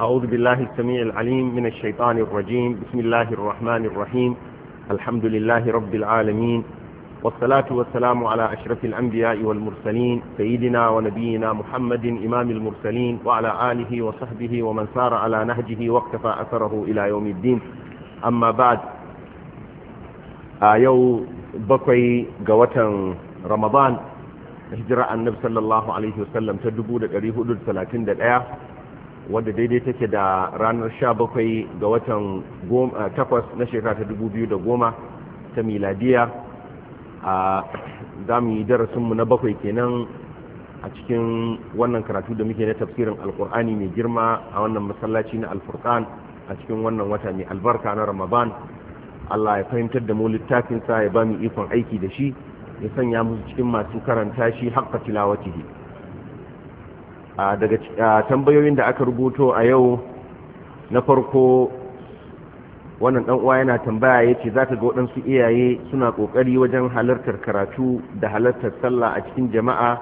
أعوذ بالله السميع العليم من الشيطان الرجيم بسم الله الرحمن الرحيم الحمد لله رب العالمين والصلاة والسلام على أشرف الأنبياء والمرسلين سيدنا ونبينا محمد إمام المرسلين وعلى آله وصحبه ومن سار على نهجه واقتفى أثره إلى يوم الدين أما بعد آيو بقي قوة رمضان hijira annab sallallahu alaihi wasallam ta 1431 Wanda daidai take da ranar 17 ga watan 8 na shekara ta 2010 ta miladiya a za mu yi darasinmu na bakwai kenan a cikin wannan karatu da muke na tafsirin alkur'ani mai girma a wannan masallaci na alfurkan a cikin wannan wata mai albarka na ramadan allah ya fahimtar da mu littafinsa ya ba mu ikon aiki da shi ya sanya mu cikin masu karanta shi haƙƙa tilawatihi daga tambayoyin da aka rubuto a yau na farko wannan dan yana tambaya yace ka ga waɗansu iyaye suna kokari wajen halartar karatu da halartar sallah a cikin jama'a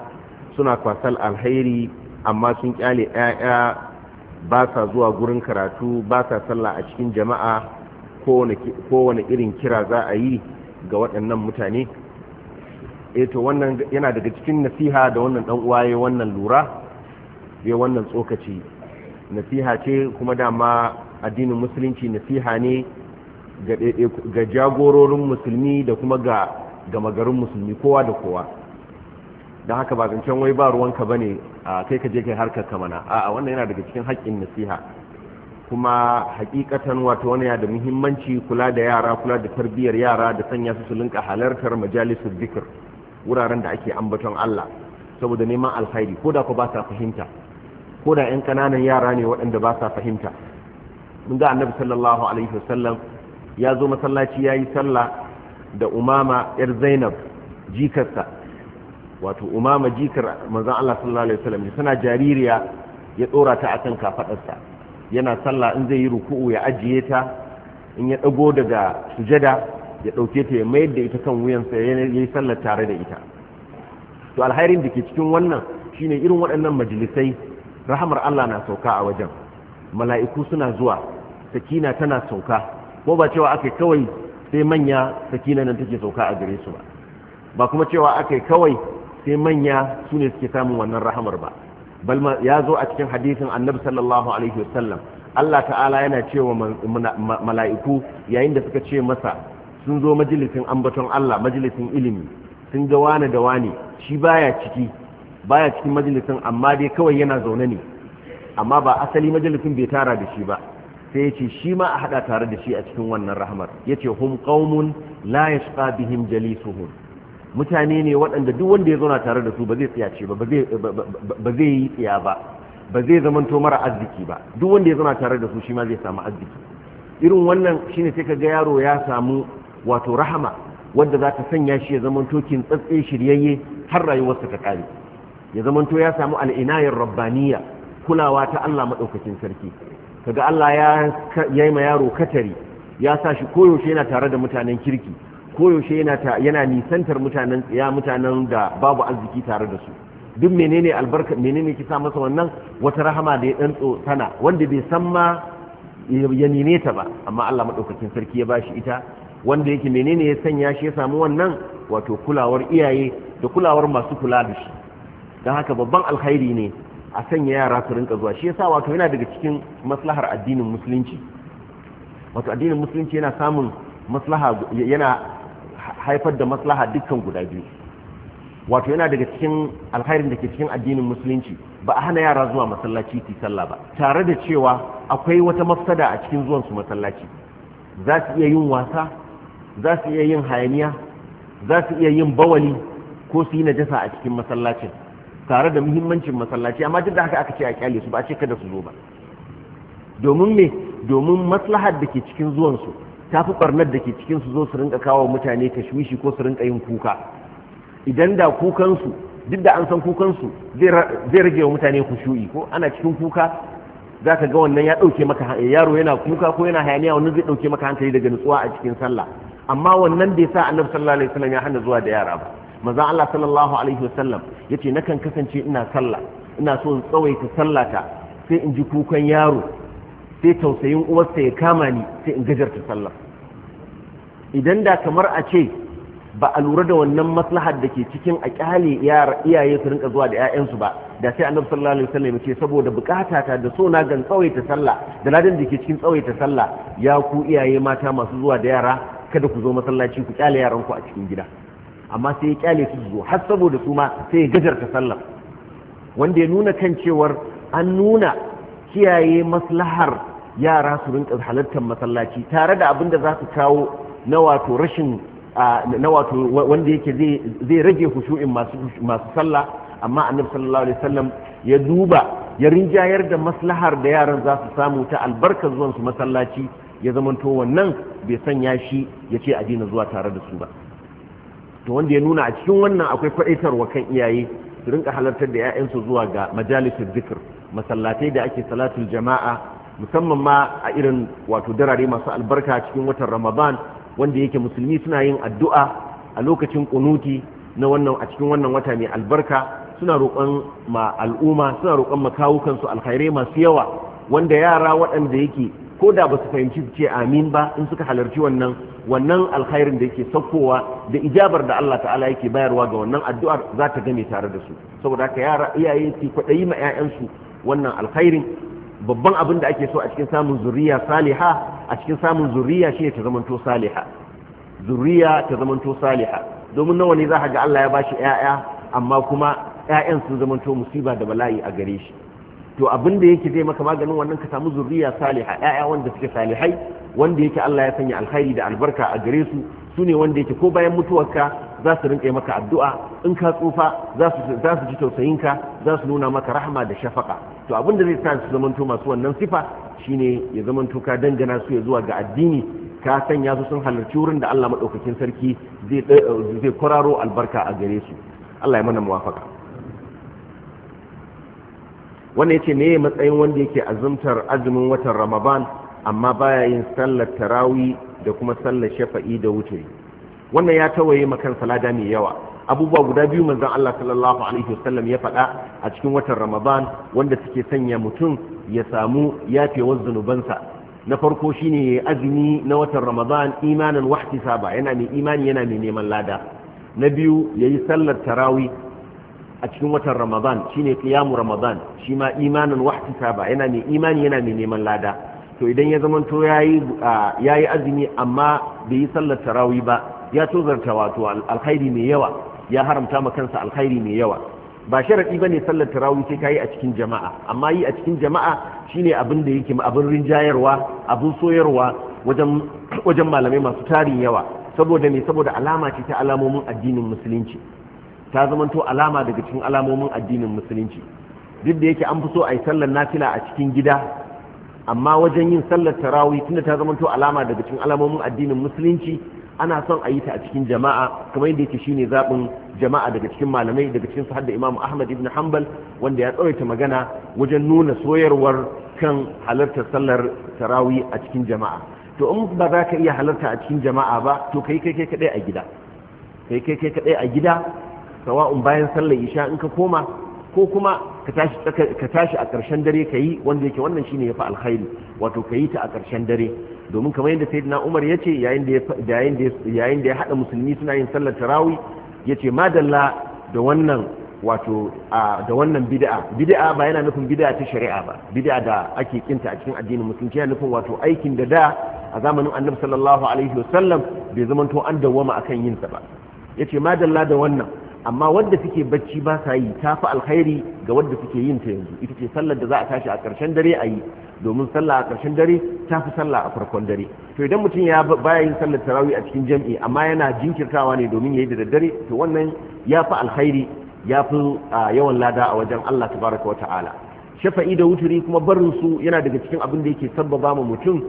suna kwasal alhairi amma sun kyale 'ya'ya, ba sa zuwa gurin karatu ba sa sallah a cikin jama'a kowane irin kira za a yi ga waɗannan mutane eh to wannan yana daga cikin nasiha da wannan dan uwa wannan lura ya wannan tsokaci nasiha ce kuma dama addinin musulunci nasiha ne ga jagororin musulmi da kuma ga gama garin musulmi kowa da kowa don haka ba zancen wai ba ruwanka ba ne a kai ka je kai harkar kamana a wannan yana daga cikin haƙƙin nasiha kuma hakikatan wato wani yana da muhimmanci kula da yara kula da tarbiyyar yara da sanya su su linka halartar majalisar zikir wuraren da ake ambaton Allah saboda neman alkhairi ko da ku ba ta fahimta ko da yan kananan yara ne waɗanda ba sa fahimta mun ga annabi sallallahu alaihi wasallam ya zo masallaci ya yi sallah da umama yar zainab jikarsa wato umama jikar manzon Allah sallallahu alaihi wasallam tana jaririya ya dora ta akan kafaɗarsa. yana sallah in zai yi ruku'u ya ajiye ta in ya dago daga sujada ya dauke ta ya mayar da ita kan wuyansa ya yi sallah tare da ita to alhairin da ke cikin wannan shine irin waɗannan majalisai rahamar Allah na sauka a wajen mala'iku suna zuwa sakina tana sauka ko ba cewa akai kawai sai manya sakina nan take sauka a gare su ba ba kuma cewa akai kawai sai manya su ne suke samun wannan rahamar ba bal ya zo a cikin hadisin annabi sallallahu alaihi wasallam Allah ta'ala yana cewa mala'iku yayin da suka ce masa sun zo majalisin ambaton Allah majalisin ilimi sun ga wani da wani shi baya ciki baya cikin majalisin amma dai kawai yana zaune ne amma ba asali majalisin bai tara da shi ba sai ya ce shi ma a hada tare da shi a cikin wannan rahamar ya ce hum qaumun la yashqa bihim jalisuhum mutane ne waɗanda duk wanda ya zauna tare da su ba zai tsiyace ba ba zai yi tsiya ba ba zai zamanto mara arziki ba duk wanda ya zauna tare da su shi ma zai samu arziki irin wannan shine sai kaga yaro ya samu wato rahama wanda za ta sanya shi ya zamanto kin tsatse shiryayye har rayuwarsa ta kare ya zamanto ya samu al'inayar rabbaniya kulawa ta Allah maɗaukakin sarki kaga Allah ya yi ma yaro katari ya sa shi koyaushe yana tare da mutanen kirki koyaushe yana nisantar mutanen ya mutanen da babu arziki tare da su duk menene albarka menene kisa masa wannan wata rahama da ya dan tana wanda bai san ma ya nine ta ba amma Allah madaukakin sarki ya bashi ita wanda yake menene ya sanya shi ya samu wannan wato kulawar iyaye da kulawar masu kula da shi don haka babban alkhairi ne a sanya yara su rinka zuwa shi yasa wato yana daga cikin maslahar addinin musulunci wato addinin musulunci yana samun maslaha yana haifar da maslaha dukkan guda biyu wato yana daga cikin alkhairin da ke cikin addinin musulunci ba a hana yara zuwa masallaci su sallah ba tare da cewa akwai wata mafsada a cikin zuwan su masallaci za su iya yin wasa za su iya yin hayaniya za su iya yin bawali ko su yi najasa a cikin masallacin tare da muhimmancin masallaci amma duk da haka aka ce a kyale su ba a ce kada su zo ba domin me domin maslahar da ke cikin zuwansu ta fi ɓarnar da ke cikin su zo su rinka kawo mutane tashwishi ko su rinka yin kuka idan da su duk da an san kukansu zai rage wa mutane kushu'i ko ana cikin kuka za ka ga wannan ya dauke maka yaro yana kuka ko yana hayaniya wannan zai dauke maka hankali daga nutsuwa a cikin sallah amma wannan bai sa annabi sallallahu alaihi wasallam ya hana zuwa da yara ba Maza Allah sallallahu alaihi wasallam yace kan kasance ina sallah ina so in tsawaita sallata sai in ji kukan yaro sai tausayin uwarsa ya kama ni sai in gajarta sallah idan da kamar a ce ba a lura da wannan maslahar da ke cikin a kyale iyaye su rinka zuwa da 'ya'yansu ba da sai annabi sallallahu alaihi wasallam ya ce saboda bukata ta da so na gan tsawaita sallah da ladan da ke cikin tsawaita sallah ya ku iyaye mata masu zuwa da yara kada ku zo masallaci ku kyale ku a cikin gida amma sai ya kyale su zo har saboda su ma sai ya gajarta sallar wanda ya nuna kan cewar an nuna kiyaye maslahar yara su rinka halartar masallaci tare da abin da za su kawo na wato rashin na wato wanda yake zai rage hushu'in masu sallah amma annabi sallallahu alaihi wasallam ya duba ya rinjayar da maslahar da yaran za su samu ta albarkar zuwan su masallaci ya zamanto wannan bai sanya shi ya ce a daina zuwa tare da su ba to wanda ya nuna a cikin wannan akwai faɗaitarwa kan iyaye su rinka halartar da 'ya'yansu zuwa ga majalisar zikir masallatai da ake salatul jama'a musamman ma a irin wato darare masu albarka cikin watan ramadan wanda yake musulmi suna yin addu'a a lokacin kunuti na wannan a cikin wannan wata mai albarka suna roƙon ma al'umma suna roƙon makawukansu alkhairai masu yawa wanda yara waɗanda yake ko da ba su fahimci su ce amin ba in suka halarci wannan wannan alkhairin da yake saukowa da ijabar da Allah ta'ala yake bayarwa ga wannan addu'ar za ta game tare da su saboda haka yara iyaye su kwaɗayi ma 'ya'yansu wannan alkhairin babban abin da ake so a cikin samun zuriya saliha a cikin samun zuriya shine ta zamanto saliha zuriya ta zamanto saliha domin nawa ne za ka ga Allah ya bashi 'ya'ya amma kuma 'ya'yan sun zamanto musiba da bala'i a gare shi to abin da yake zai maka maganin wannan ka samu zuriya saliha ƴaƴa wanda suke salihai wanda yake Allah ya sanya alkhairi da albarka a gare su sune wanda yake ko bayan mutuwarka za su rinƙa maka addu'a in ka tsufa za su za su ji tausayinka za su nuna maka rahama da shafaka to abin da zai sa su zamanto masu wannan sifa shine ya zamanto ka dangana su ya zuwa ga addini ka sanya su sun halarci wurin da Allah madaukakin sarki zai kwararo albarka a gare su Allah ya mana muwafaka wannan ce ne matsayin wanda yake azumtar azumin watan ramadan amma baya yin sallar tarawi da kuma sallar shafa'i da wuturi wannan ya tawaye makan salada mai yawa abubuwa guda biyu manzon Allah sallallahu alaihi wasallam ya faɗa a cikin watan ramadan wanda suke sanya mutum ya samu yafewar zunubansa na farko shine yayi azumi na watan ramadan imanan wahtisaba yana mai imani yana mai neman lada na biyu yayi sallar tarawi a cikin watan ramadan shine qiyamu ramadan shi ma imanin ba yana mai imani yana mai neman lada to idan ya zamanto yayi yayi azumi amma bai yi sallar tarawih ba ya tozarta wato alkhairi mai yawa ya haramta ma kansa alkhairi mai yawa ba sharadi bane sallar tarawih sai kai a cikin jama'a amma yi a cikin jama'a shine abin da yake abin rinjayarwa abin soyarwa wajen wajen malamai masu tarin yawa saboda ne saboda alama ce ta alamomin addinin musulunci ta zamanto alama daga cikin alamomin addinin musulunci duk da yake an fi so a yi sallar nafila a cikin gida amma wajen yin sallar tarawih tunda ta zamanto alama daga cikin alamomin addinin musulunci ana son a yi ta a cikin jama'a kamar yadda yake shine zaɓin jama'a daga cikin malamai daga cikin su Hadda imam ahmad ibn hanbal wanda ya tsawaita magana wajen nuna soyarwar kan halartar sallar tarawih a cikin jama'a to in ba za ka iya halarta a cikin jama'a ba to kai kai kai kadai a gida kai kai kai kadai a gida sawa'un bayan sallar isha in ka koma ko kuma ka tashi a ƙarshen dare ka yi wanda yake wannan shine ya fi alkhairi wato ka yi ta a ƙarshen dare domin kamar yadda sayyidina umar ya ce yayin da ya haɗa musulmi suna yin sallar tarawi ya ce madalla da wannan wato da wannan bid'a bid'a ba yana nufin bid'a ta shari'a ba bid'a da ake kinta a cikin addinin musulunci yana nufin wato aikin da da a zamanin annabi sallallahu alaihi wasallam bai zamanto an dawwama akan yin sa ba yace madalla da wannan amma wadda suke bacci ba sa yi ta fi alkhairi ga wadda suke yin ta yanzu ita ce sallar da za a tashi a ƙarshen dare a yi domin sallah a ƙarshen dare ta fi sallah a farkon dare to idan mutum ya baya yin sallar tarawih a cikin jam'i amma yana jinkirtawa ne domin ya yi da daddare to wannan ya fi alkhairi ya fi yawan lada a wajen Allah tabaraka wa ta'ala shafa'i da wuturi kuma barin su yana daga cikin abin da yake sabbaba ma mutum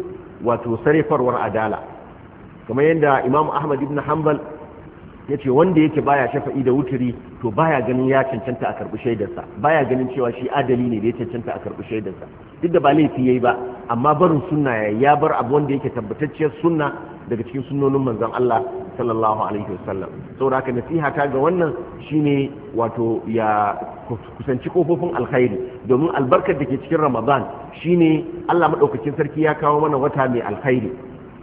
wato sarefarwar adala kamar yadda imam ahmad ibn hanbal ya ce wanda yake baya shafa'i da wuturi to baya ganin ya cancanta a karɓi shaidarsa baya ganin cewa shi adali ne da ya cancanta a karɓi shaidarsa duk da ba laifi yayi ba amma barin sunna ya ya bar abu wanda yake tabbatacciyar sunna daga cikin sunnonin manzon Allah sallallahu alaihi wasallam saboda nasiha ta ga wannan shine wato ya kusanci kofofin alkhairi domin albarkar da ke cikin Ramadan shine Allah madaukakin sarki ya kawo mana wata mai alkhairi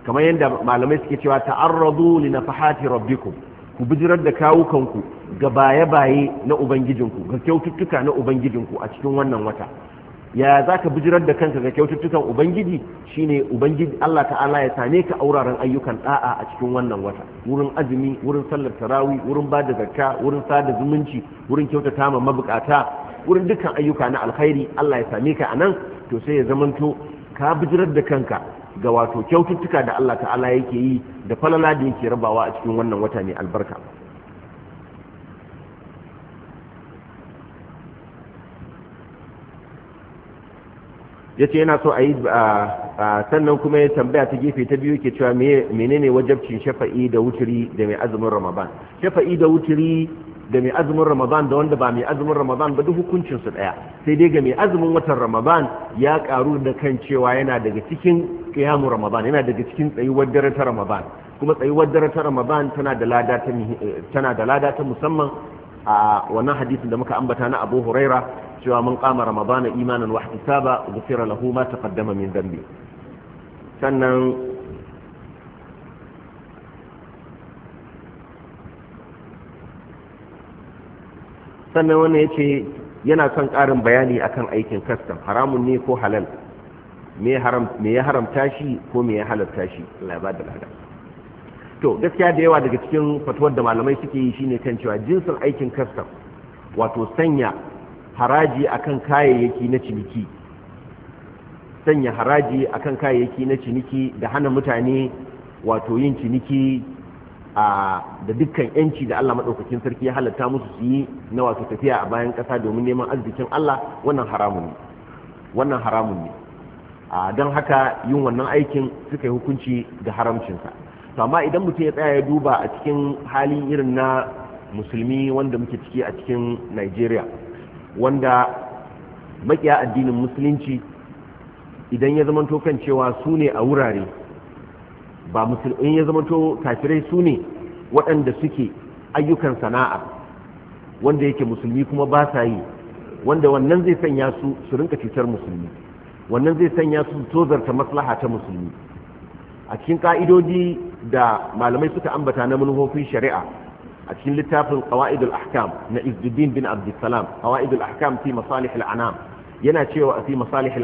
kamar yadda malamai suke cewa ta'arradu li nafahati rabbikum ku bijirar da kawukanku ga baye-baye na ubangijinku ga kyaututtuka na ubangijinku a cikin wannan wata ya za ka bijirar da kanka ga kyaututtukan ubangiji shine ubangiji Allah ta'ala ya same ka auraren ayyukan ɗa'a a cikin wannan wata wurin azumi wurin sallar tarawi wurin bada zakka wurin sada zumunci wurin kyautata ma mabukata wurin dukkan ayyuka na alkhairi Allah ya same ka anan to sai ya zamanto ka bijirar da kanka ga wato kyaututtuka da Allah ta'ala yake yi da falala da yake rabawa a cikin wannan wata ne albarka Yace yana so a yi sannan kuma ya tambaya ta gefe ta biyu ke cewa menene wajabcin shafa'i da wuturi da mai azumin ramadan shafa'i da wuturi da mai azumin ramadan da wanda ba mai azumin ramadan ba duk hukuncinsu ɗaya sai dai ga mai azumin watan ramadan ya karu da kan cewa yana daga cikin kiyamu ramadan yana daga cikin tsayuwar dare ta ramadan kuma tsayuwar dare ta ramadan tana da lada ta eh, tana da lada ta musamman a wannan hadisin da muka ambata na Abu Huraira cewa mun kama ramadan imanan wa ihtisaba ghufira lahu ma taqaddama min dhanbi sannan sannan wannan yace yana son karin bayani akan aikin kastam haramun ne ko halal me ya haramta shi ko me ya halarta shi Allah da lada to gaskiya da yawa daga cikin fatuwar da malamai suke yi shine kan cewa jinsin aikin kastam wato sanya haraji akan kayayyaki na ciniki sanya haraji akan kayayyaki na ciniki da hana mutane wato yin ciniki a da dukkan yanci da Allah Madaukakin sarki ya halatta musu su yi na wato tafiya a bayan kasa domin neman arzikin Allah wannan haramun ne wannan haramun ne don haka yin wannan aikin suka yi hukunci da haramcinsa to amma idan mutum ya tsaya ya duba a cikin halin irin na musulmi wanda muke ciki a cikin nigeria wanda makiya addinin musulunci idan ya zamanto kan cewa su ne a wurare ba musulmi ya zamanto kafirai su ne waɗanda suke ayyukan sana'a wanda yake musulmi kuma ba sa yi wanda wannan zai sanya su su rinka cutar musulmi wannan zai sanya su tozarta maslaha ta musulmi a cikin ƙa'idodi da malamai suka ambata na manufofin shari'a a cikin littafin qawaidul ahkam na Izzuddin bin Abdussalam qawaidul ahkam fi masalih al-anam yana cewa fi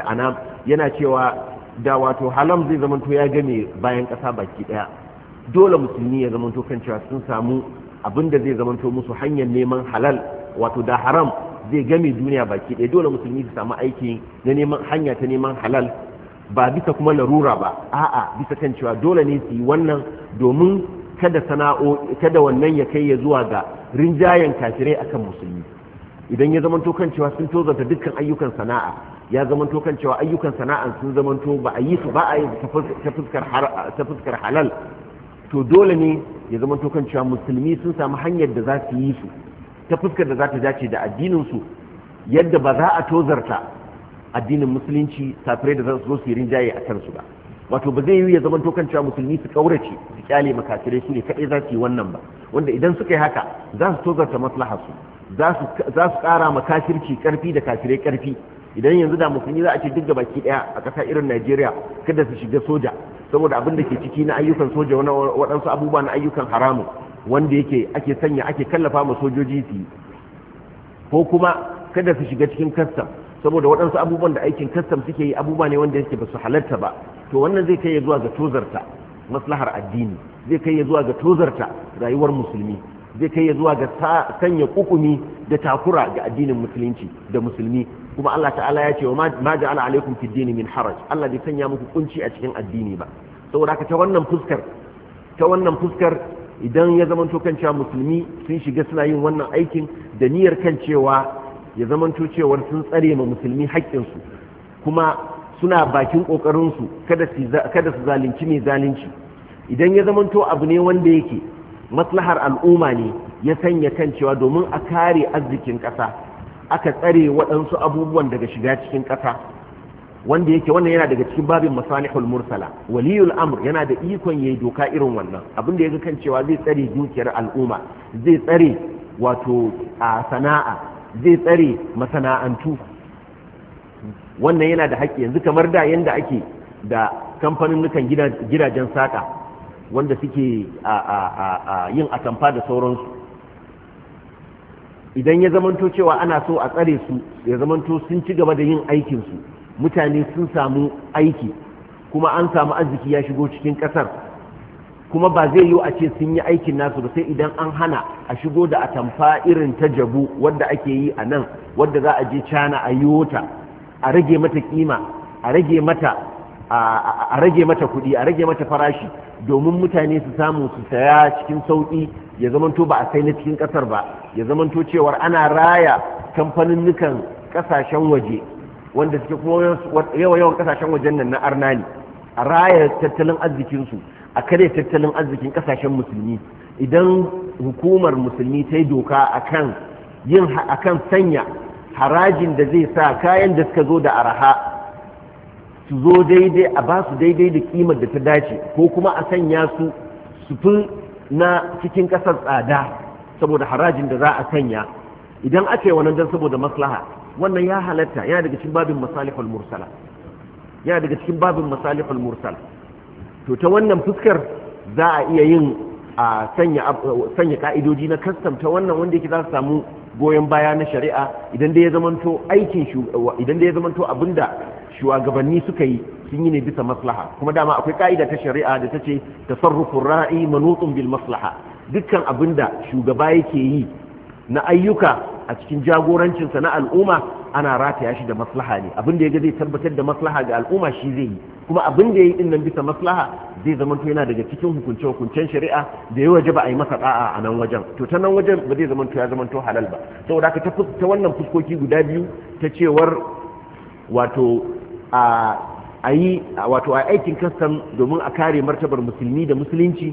anam yana cewa da wato halam zai zamanto ya game bayan kasa baki daya dole musulmi ya zamanto kan cewa sun samu abinda zai zamanto musu hanyar neman halal wato da haram zai game duniya baki ɗaya dole musulmi su samu aiki na neman hanya ta neman halal ba bisa kuma larura ba a'a bisa kan cewa dole ne su yi wannan domin kada sana'o kada wannan ya kai ya zuwa ga rinjayen kafirai akan musulmi idan ya zamanto kan cewa sun tozanta dukkan ayyukan sana'a ya zamanto kan cewa ayyukan sana'a sun zamanto ba a yi su ba a yi ta fuskar halal to dole ne ya zamanto kan cewa musulmi sun samu hanyar da za su yi su ta fuskar da za ta dace da addininsu yadda ba za a tozarta addinin musulunci kafirai da za su zo su yi rinjaye a kansu ba wato ba zai yi ya zama tokan cewa musulmi su kaurace su kyale makafirai su ne kaɗai za su yi wannan ba wanda idan suka yi haka za su tozarta maslaha su za su ƙara ma ƙarfi da kafirai karfi idan yanzu da musulmi za a ce duk da baki ɗaya a kasa irin najeriya kada su shiga soja saboda abin da ke ciki na ayyukan soja waɗansu abubuwa na ayyukan haramun wanda yake ake sanya ake kallafa ma sojoji su ko kuma kada su shiga cikin kastam saboda waɗansu abubuwan da aikin kastam suke yi abubuwa ne wanda yake ba su halatta ba to wannan zai kai ya zuwa ga tozarta maslahar addini zai kai ya zuwa ga tozarta rayuwar musulmi zai kai ya zuwa ga sanya kukumi da takura ga addinin musulunci da musulmi kuma Allah ta'ala ya ce wa ma ja'ala alaikum fid dini min haraj Allah bai sanya muku kunci a cikin addini ba saboda haka ta wannan fuskar ta wannan fuskar idan ya zamanto kan cewa musulmi sun shiga suna yin wannan aikin da niyyar kan cewa ya zamanto cewar sun tsare ma musulmi haƙƙinsu kuma suna bakin ƙoƙarinsu kada su zalunci mai zalunci idan ya zamanto abu ne wanda yake maslahar al'umma ne ya sanya kan cewa domin a kare arzikin ƙasa aka tsare waɗansu abubuwan daga shiga cikin ƙasa wanda yake wannan yana daga cikin babin masanihul mursala waliyul amr yana da ikon yayi doka irin wannan abin da yake kan cewa zai tsare dukiyar al'umma zai tsare wato a sana'a zai tsare masana'antu wannan yana da haƙƙi yanzu kamar da yanda ake da kamfanin gidajen saƙa wanda suke yin atamfa da sauransu idan ya zamanto cewa ana so a tsare su ya zamanto sun ci gaba da yin aikinsu mutane sun samu aiki kuma an samu arziki ya shigo cikin ƙasar kuma ba zai yiwu a ce sun yi aikin nasu ba sai idan an hana a shigo da atamfa irin ta jabu wadda ake yi a nan wadda za a je cana a yi a rage mata kima a rage mata a rage mata kuɗi a rage mata farashi domin mutane su samu su saya cikin sauƙi ya zamanto ba a sai na cikin ƙasar ba ya zamanto cewar ana raya kamfanin nukan ƙasashen waje wanda suke kuma yawa yawan kasashen wajen nan na arna ne a raya tattalin arzikinsu a kare tattalin arzikin kasashen musulmi idan hukumar musulmi ta yi doka akan yin akan sanya harajin da zai sa kayan da suka zo da araha su zo daidai a ba su daidai da kimar da ta dace ko kuma a sanya su su fi na cikin kasar tsada saboda harajin da za a sanya idan yi wannan don saboda maslaha wannan ya halatta yana daga cikin babin masalihul mursala yana daga cikin babin masalihul mursala to ta wannan fuskar za a iya yin a sanya ka'idoji na kastam ta wannan wanda yake za su samu goyon baya na shari'a idan da ya zamanto aikin idan da ya zamanto abinda shugabanni suka yi sun yi ne bisa maslaha kuma dama akwai ka'ida ta shari'a da ta ce tasarrufur ra'i manutun bil maslaha dukkan abinda shugaba yake yi na ayyuka a cikin jagorancinsa na al'umma ana rataya shi da maslaha ne abin da ya zai tabbatar da maslaha ga al'umma shi zai yi kuma abin da ya yi dinnan bisa maslaha zai zama to yana daga cikin hukunce hukuncen shari'a da ya waje ba a yi masa da'a a nan wajen to ta nan wajen ba zai zama to ya zama to halal ba saboda haka ta wannan fuskoki guda biyu ta cewar wato a a yi wato a aikin kastam domin a kare martabar musulmi da musulunci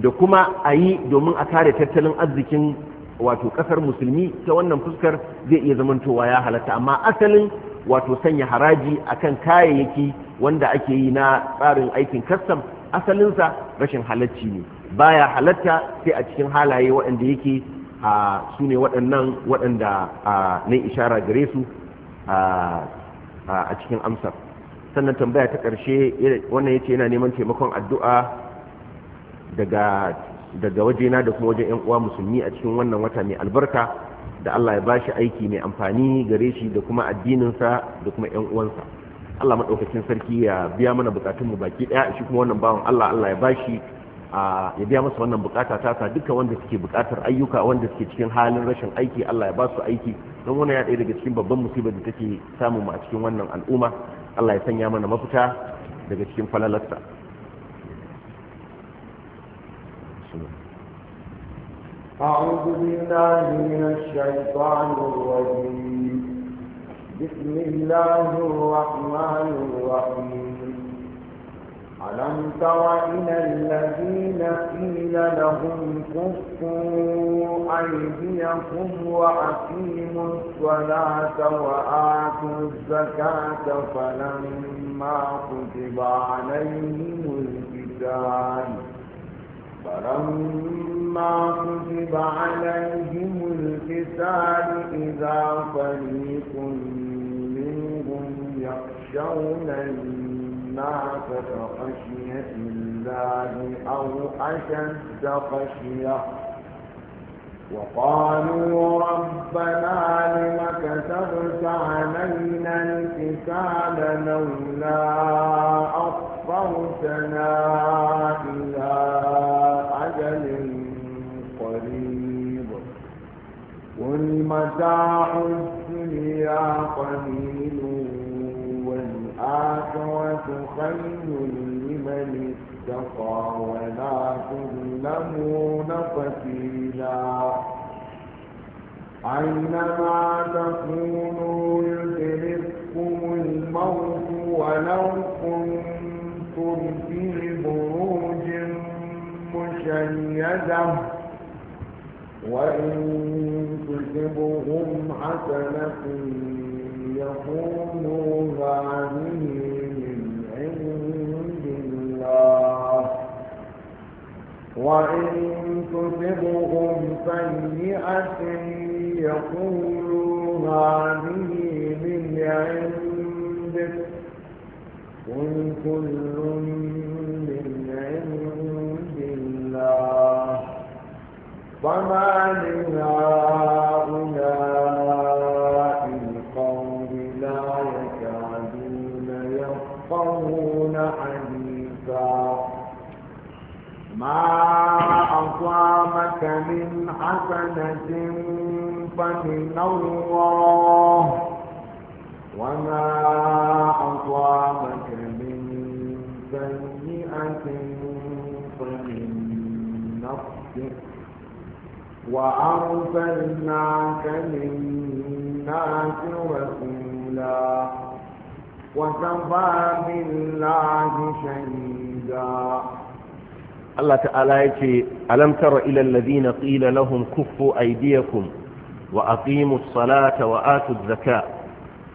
da kuma a yi domin a kare tattalin arzikin wato kasar musulmi ta wannan fuskar zai iya zamantowa ya halatta amma asalin wato sanya haraji akan kayayyaki wanda ake yi na tsarin aikin kastam asalinsa rashin halacci ne ba ya halatta sai a cikin halaye waɗanda yake a su ne waɗannan waɗanda na ishara gare su a cikin amsar sannan tambaya ta ƙarshe wannan ya ce yana neman taimakon addu'a daga daga wajena da kuma wajen 'yan uwa musulmi a cikin wannan wata mai albarka da Allah ya bashi aiki mai amfani gare shi da kuma addininsa da kuma 'yan uwansa Allah maɗaukacin sarki ya biya mana bukatunmu baki ɗaya shi kuma wannan bawan Allah Allah ya bashi ya biya masa wannan bukata ta sa dukkan wanda suke bukatar ayyuka wanda suke cikin halin rashin aiki Allah ya ba su aiki don wani ya ɗaya daga cikin babban musibar da take samu a cikin wannan al'umma Allah ya sanya mana mafita daga cikin falalarsa أعوذ بالله من الشيطان الرجيم بسم الله الرحمن الرحيم ألم تر إلى الذين قيل لهم كفوا أيديكم وأقيموا الصلاة وآتوا الزكاة فلما كتب عليهم الكتاب فلما كتب عليهم القتال إذا فريق منهم يخشون الناس كخشية الله أو أشد خشية وقالوا ربنا لم كتبت علينا القتال لولا أخرتنا إلى أجل قل متاع الدنيا قليل والآخرة خير لمن اتقى ولا تظلمون قتيلا أينما تكونوا يدرككم الموت ولو كنتم في بروج مشيده وإن تصبهم حسنة يقولوا هذه من عند الله وإن تصبهم سيئة يقولوا هذه من عندك قل كل فما لهؤلاء القوم لا يكادون يفقهون حديثا ما أصابك من حسنة فمن الله وما أصابك من سيئة وأرسلناك للناس رسولا وكفى بالله شهيدا الله تعالى يتي ألم تر إلى الذين قيل لهم كفوا أيديكم وأقيموا الصلاة وآتوا الزكاة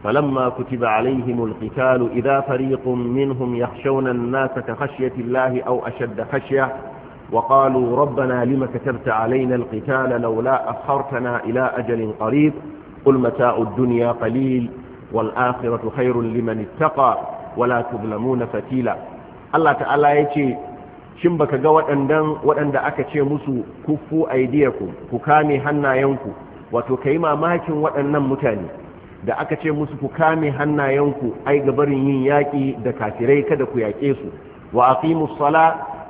فلما كتب عليهم القتال إذا فريق منهم يخشون الناس كخشية الله أو أشد خشية وقالوا ربنا لما كتبت علينا القتال لولا أخرتنا إلى أجل قريب قل متاء الدنيا قليل والآخرة خير لمن اتقى ولا تظلمون فتيلا الله تعالى يتي شمبك قوات أندن وأند أكتشي مسو كفوا أيديكم كامي هنى ينكو وتكيما ماكن وأنم متاني da aka موسو musu هنى ينكو اي ai gabarin yin yaki da kafirai kada ku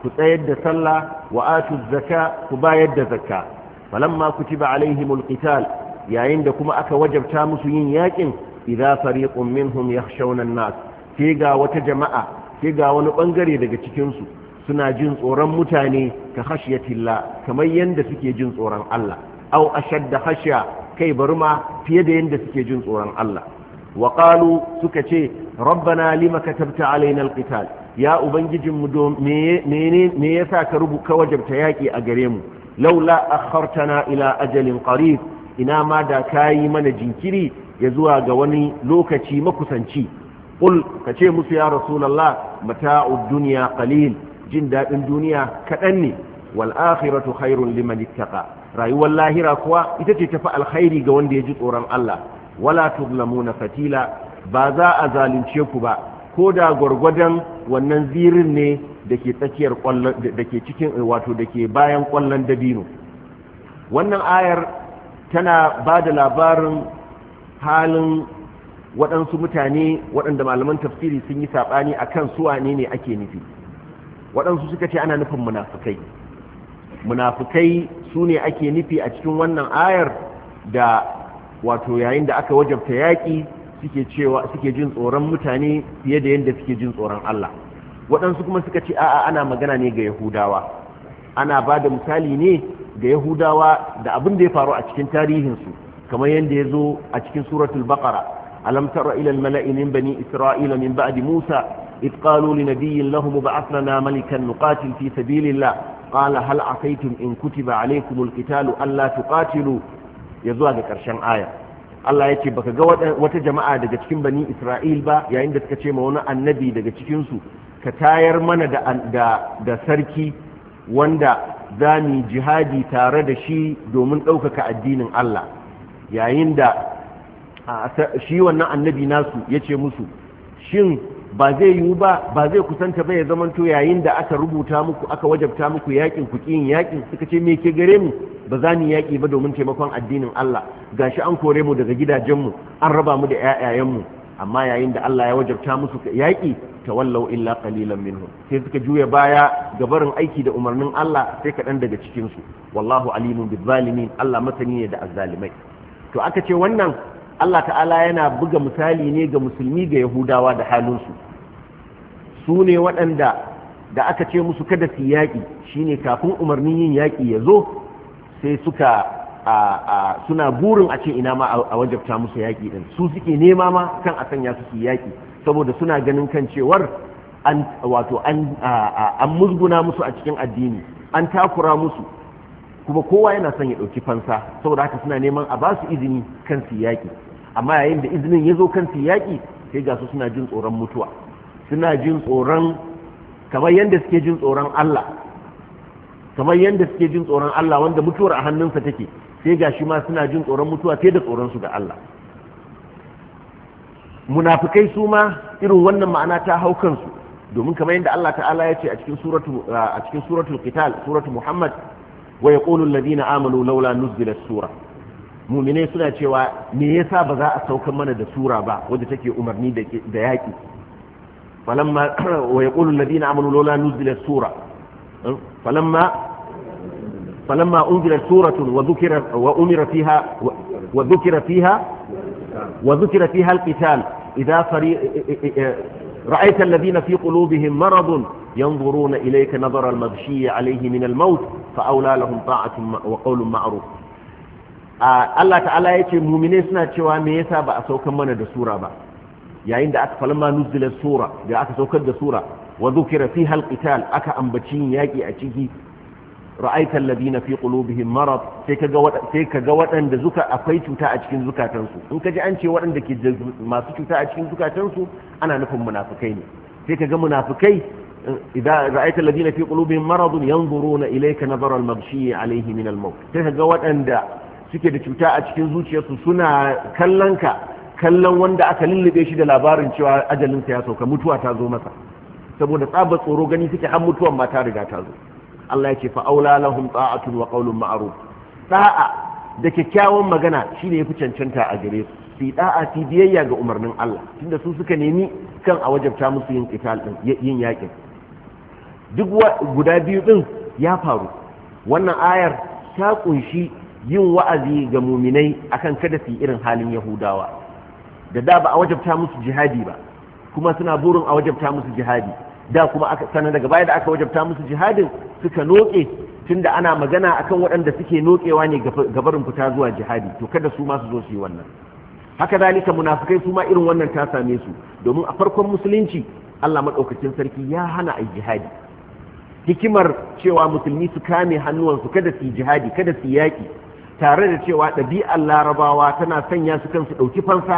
ku tsayar da sallah wa atu zaka ku bayar da zakka falamma kutiba alaihimul qital yayin da kuma aka wajabta musu yin yakin idza fariqun minhum yakhshawna an-nas sai ga wata jama'a sai ga wani bangare daga cikin su suna jin tsoron mutane ka tilla kamar yanda suke jin tsoron Allah aw ashadda khashya kai bari fiye da yanda suke jin tsoron Allah wa qalu suka ce rabbana lima katabta alaina al-qital ya ubangijinmu me ya sa ka rubuka wajabta yaƙi a gare mu laula akhartana ila ajalin qarib ina ma da kayi mana jinkiri ya zuwa ga wani lokaci makusanci qul ka ce musu ya rasulullah mata'ud dunya ƙalil jin daɗin duniya kaɗan ne wal akhiratu khairun liman ittaqa rayuwar lahira kuwa ita ce tafi alkhairi ga wanda ya ji tsoron Allah wala tuzlamuna fatila ba za a zalunce ku ba ko da gwargwadon wannan zirin ne da ke tsakiyar da ke cikin wato da ke bayan kwallon dabino wannan ayar tana ba da labarin halin waɗansu mutane waɗanda malaman tafsiri sun yi saɓani a kan ne ne ake nufi waɗansu suka ce ana nufin munafukai munafukai su ne ake nufi a cikin wannan ayar da wato yayin da aka wajabta yaƙi suke cewa suke jin tsoron mutane fiye da yadda suke jin tsoron Allah waɗansu kuma suka ce a'a ana magana ne ga yahudawa ana ba da misali ne ga yahudawa da abin da ya faru a cikin tarihinsu kamar yadda ya zo a cikin suratul baqara alam tara ila al mala'i min bani isra'ila min ba'di musa id qalu li nabiyyin lahum ba'ath lana malikan nuqatil fi sabilillah qala hal asaytum in kutiba alaykum al qitalu alla tuqatilu ya zuwa ga ƙarshen aya Allah ya ce baka ga wata jama'a daga cikin bani Isra'il ba yayin da suka ce ma wani annabi daga cikinsu ka tayar mana da da, da sarki wanda za mu jihadi tare da shi domin ɗaukaka addinin Allah yayin da shi wannan annabi nasu ya ce musu shin ba zai yiwu ba ba zai kusanta ba ya zamanto yayin da aka rubuta muku aka wajabta muku yakin ku yin yakin suka ce me ke gare mu ba za ni yaki ba domin taimakon addinin Allah gashi an kore mu daga gidajen mu an raba mu da mu amma yayin da Allah ya wajabta musu yaki tawallau illa qalilan minhum sai suka juya baya ga barin aiki da umarnin Allah sai kaɗan daga cikin su wallahu alimun bizzalimin Allah masani ne da azzalimai to aka ce wannan Allah ta'ala yana buga misali ne ga musulmi ga yahudawa da halinsu su ne waɗanda da aka ce musu kada su yaƙi ne kafin umarnin yin yaƙi ya zo sai suka suna burin a ce ina ma a wajabta musu yaƙi ɗin su suke nema ma kan a sanya su su yaƙi saboda suna ganin kan cewar an wato an musguna musu a cikin addini an takura musu kuma kowa yana son ya ɗauki fansa saboda haka suna neman a ba su izini kan su yaƙi amma yayin da izinin ya zo kan yaƙi sai ga su suna jin tsoron mutuwa suna jin tsoron kamar yadda suke jin tsoron Allah kamar yadda suke jin tsoron Allah wanda mutuwar a hannunsa take sai ga shi ma suna jin tsoron mutuwa sai da tsoron su ga Allah munafikai su ma irin wannan ma'ana ta hau kansu domin kamar yadda Allah ta'ala ya ce a cikin suratu a cikin suratul qital suratu muhammad wa yaqulu alladhina amanu laula nuzilat surah mumine suna cewa me yasa ba za a saukar mana da sura ba wanda take umarni da yaki falamma wa yaqulu alladhina amanu lawla nuzila sura falamma falamma unzila suratu wa dhukira wa umira fiha wa dhukira fiha wa dhukira fiha alqital idha fari رأيت الذين في قلوبهم مرض ينظرون إليك نظر المغشي عليه من الموت فأولى لهم طاعة وقول معروف Allah ta'ala ya ce mumine suna cewa me yasa ba a saukar mana da sura ba yayin da aka falma nuzila sura da aka saukar da sura wa dhukira fi halqital aka ambaci yin yaki a ciki ra'aita alladhina fi qulubihim marad sai kaga sai kaga waɗanda zuka akwai cuta a cikin zukatansu in kaji an ce waɗanda ke masu cuta a cikin zukatansu ana nufin munafikai ne sai kaga munafikai إذا رأيت الذين في قلوبهم مرض ينظرون إليك نظر المغشي عليه من الموت تهجوت أن suke da cuta a cikin zuciyarsu suna kallon ka kallon wanda aka lullube shi da labarin cewa ajalinsa ya sauka mutuwa ta zo masa saboda tsabar tsoro gani suke har mutuwan ma ta riga ta zo Allah ya ce fa aula lahum ta'atun wa qawlun ma'ruf da'a da kyakkyawan magana shine yafi cancanta a gare su fi da'a fi biyayya ga umarnin Allah tunda su suka nemi kan a wajabta musu yin qital din yin yakin duk guda biyu din ya faru wannan ayar ta kunshi yin wa'azi ga muminai akan kada su yi irin halin yahudawa da da ba a wajabta musu jihadi ba kuma suna burin a wajabta musu jihadi da kuma sanar daga baya da aka wajabta musu jihadin suka noke tunda ana magana akan waɗanda suke nokewa ne gabarin fita zuwa jihadi to kada su masu zo su yi wannan haka zalika munafikai su ma irin wannan ta same su domin a farkon musulunci Allah maɗaukacin sarki ya hana a jihadi hikimar cewa musulmi su kame hannuwansu kada su yi jihadi kada su yi yaƙi tare da cewa ɗabi'ar larabawa tana sanya su kansu ɗauki fansa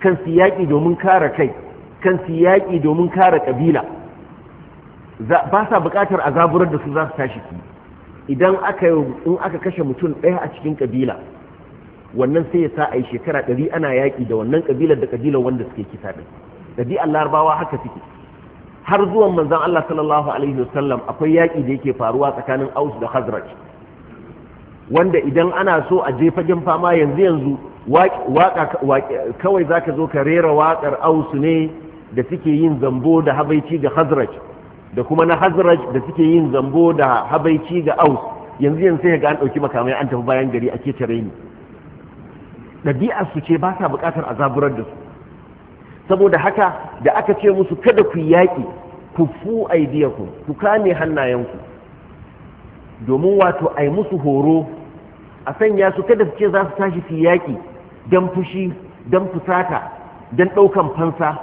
kan su yaƙi domin kare kai kan su yaƙi domin kare ƙabila ba sa buƙatar a zaburar da su za su tashi ki idan aka in aka kashe mutum ɗaya a cikin ƙabila wannan sai ya sa a yi shekara ɗari ana yaƙi da wannan ƙabilar da ƙabilar wanda suke kisa ɗin ɗabi'ar larabawa haka suke har zuwan manzon Allah sallallahu alaihi wasallam akwai yaƙi da yake faruwa tsakanin Aus da Khazraj wanda idan ana so a je fagen fama yanzu yanzu kawai za ka zo ka rera waƙar ausu ne da suke yin zambo da habaici ga hazraj da kuma na hazraj da suke yin zambo da habaici ga aus yanzu yanzu sai ga an ɗauki makamai an tafi bayan gari ake tare ni ɗabi'ar su ce ba sa buƙatar a zaburar da su saboda haka da aka ce musu kada ku yaƙi ku fu aidiyakum ku kame hannayenku domin wato ai musu horo a sanya su kada su ce za su tashi su yaƙi don fushi don fusata don ɗaukan fansa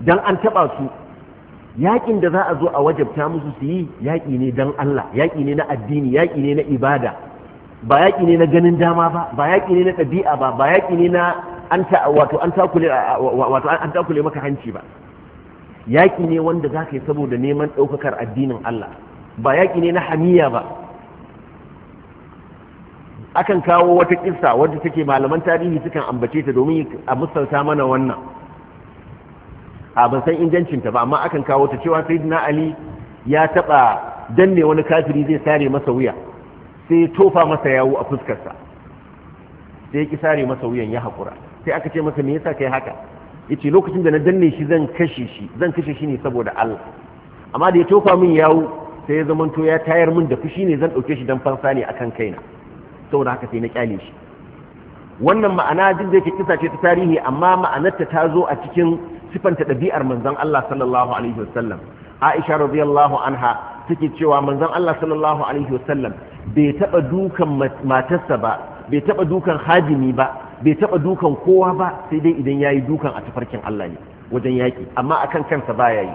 don an taɓa su yaƙin da za a zo a wajabta musu su yi yaƙi ne don Allah yaƙi ne na addini yaƙi ne na ibada ba yaƙi ne na ganin dama ba ba yaƙi ne na ɗabi'a ba ba yaƙi ne na an ta wato an takule wato maka hanci ba yaƙi ne wanda za ka yi saboda neman ɗaukakar addinin Allah ba yaƙi ne na hamiya ba akan kawo wata ƙisa wadda take malaman tarihi sukan ambace ta domin a musalta mana wannan a ban san ingancinta ba amma akan kawo ta cewa sai na ali ya taɓa danne wani kafiri zai sare masa wuya sai ya tofa masa yawo a fuskarsa sai ya ƙi sare masa wuyan ya haƙura sai aka ce masa me yasa kai haka ce lokacin da na danne shi zan kashe shi zan kashe shi ne saboda Allah amma da ya tofa min yawo sai ya zamanto ya tayar min da fushi ne zan ɗauke shi don fansa ne akan kaina saboda haka sai na kyale shi wannan ma'ana duk da yake kisa ce ta tarihi amma ma'anarta ta zo a cikin sifanta ɗabi'ar manzon Allah sallallahu alaihi wasallam Aisha radiyallahu anha take cewa manzon Allah sallallahu alaihi wasallam bai taɓa dukan matarsa ba bai taba dukan hajimi ba bai taba dukan kowa ba sai dai idan yayi dukan a tafarkin Allah ne wajen yaki amma akan kansa baya yi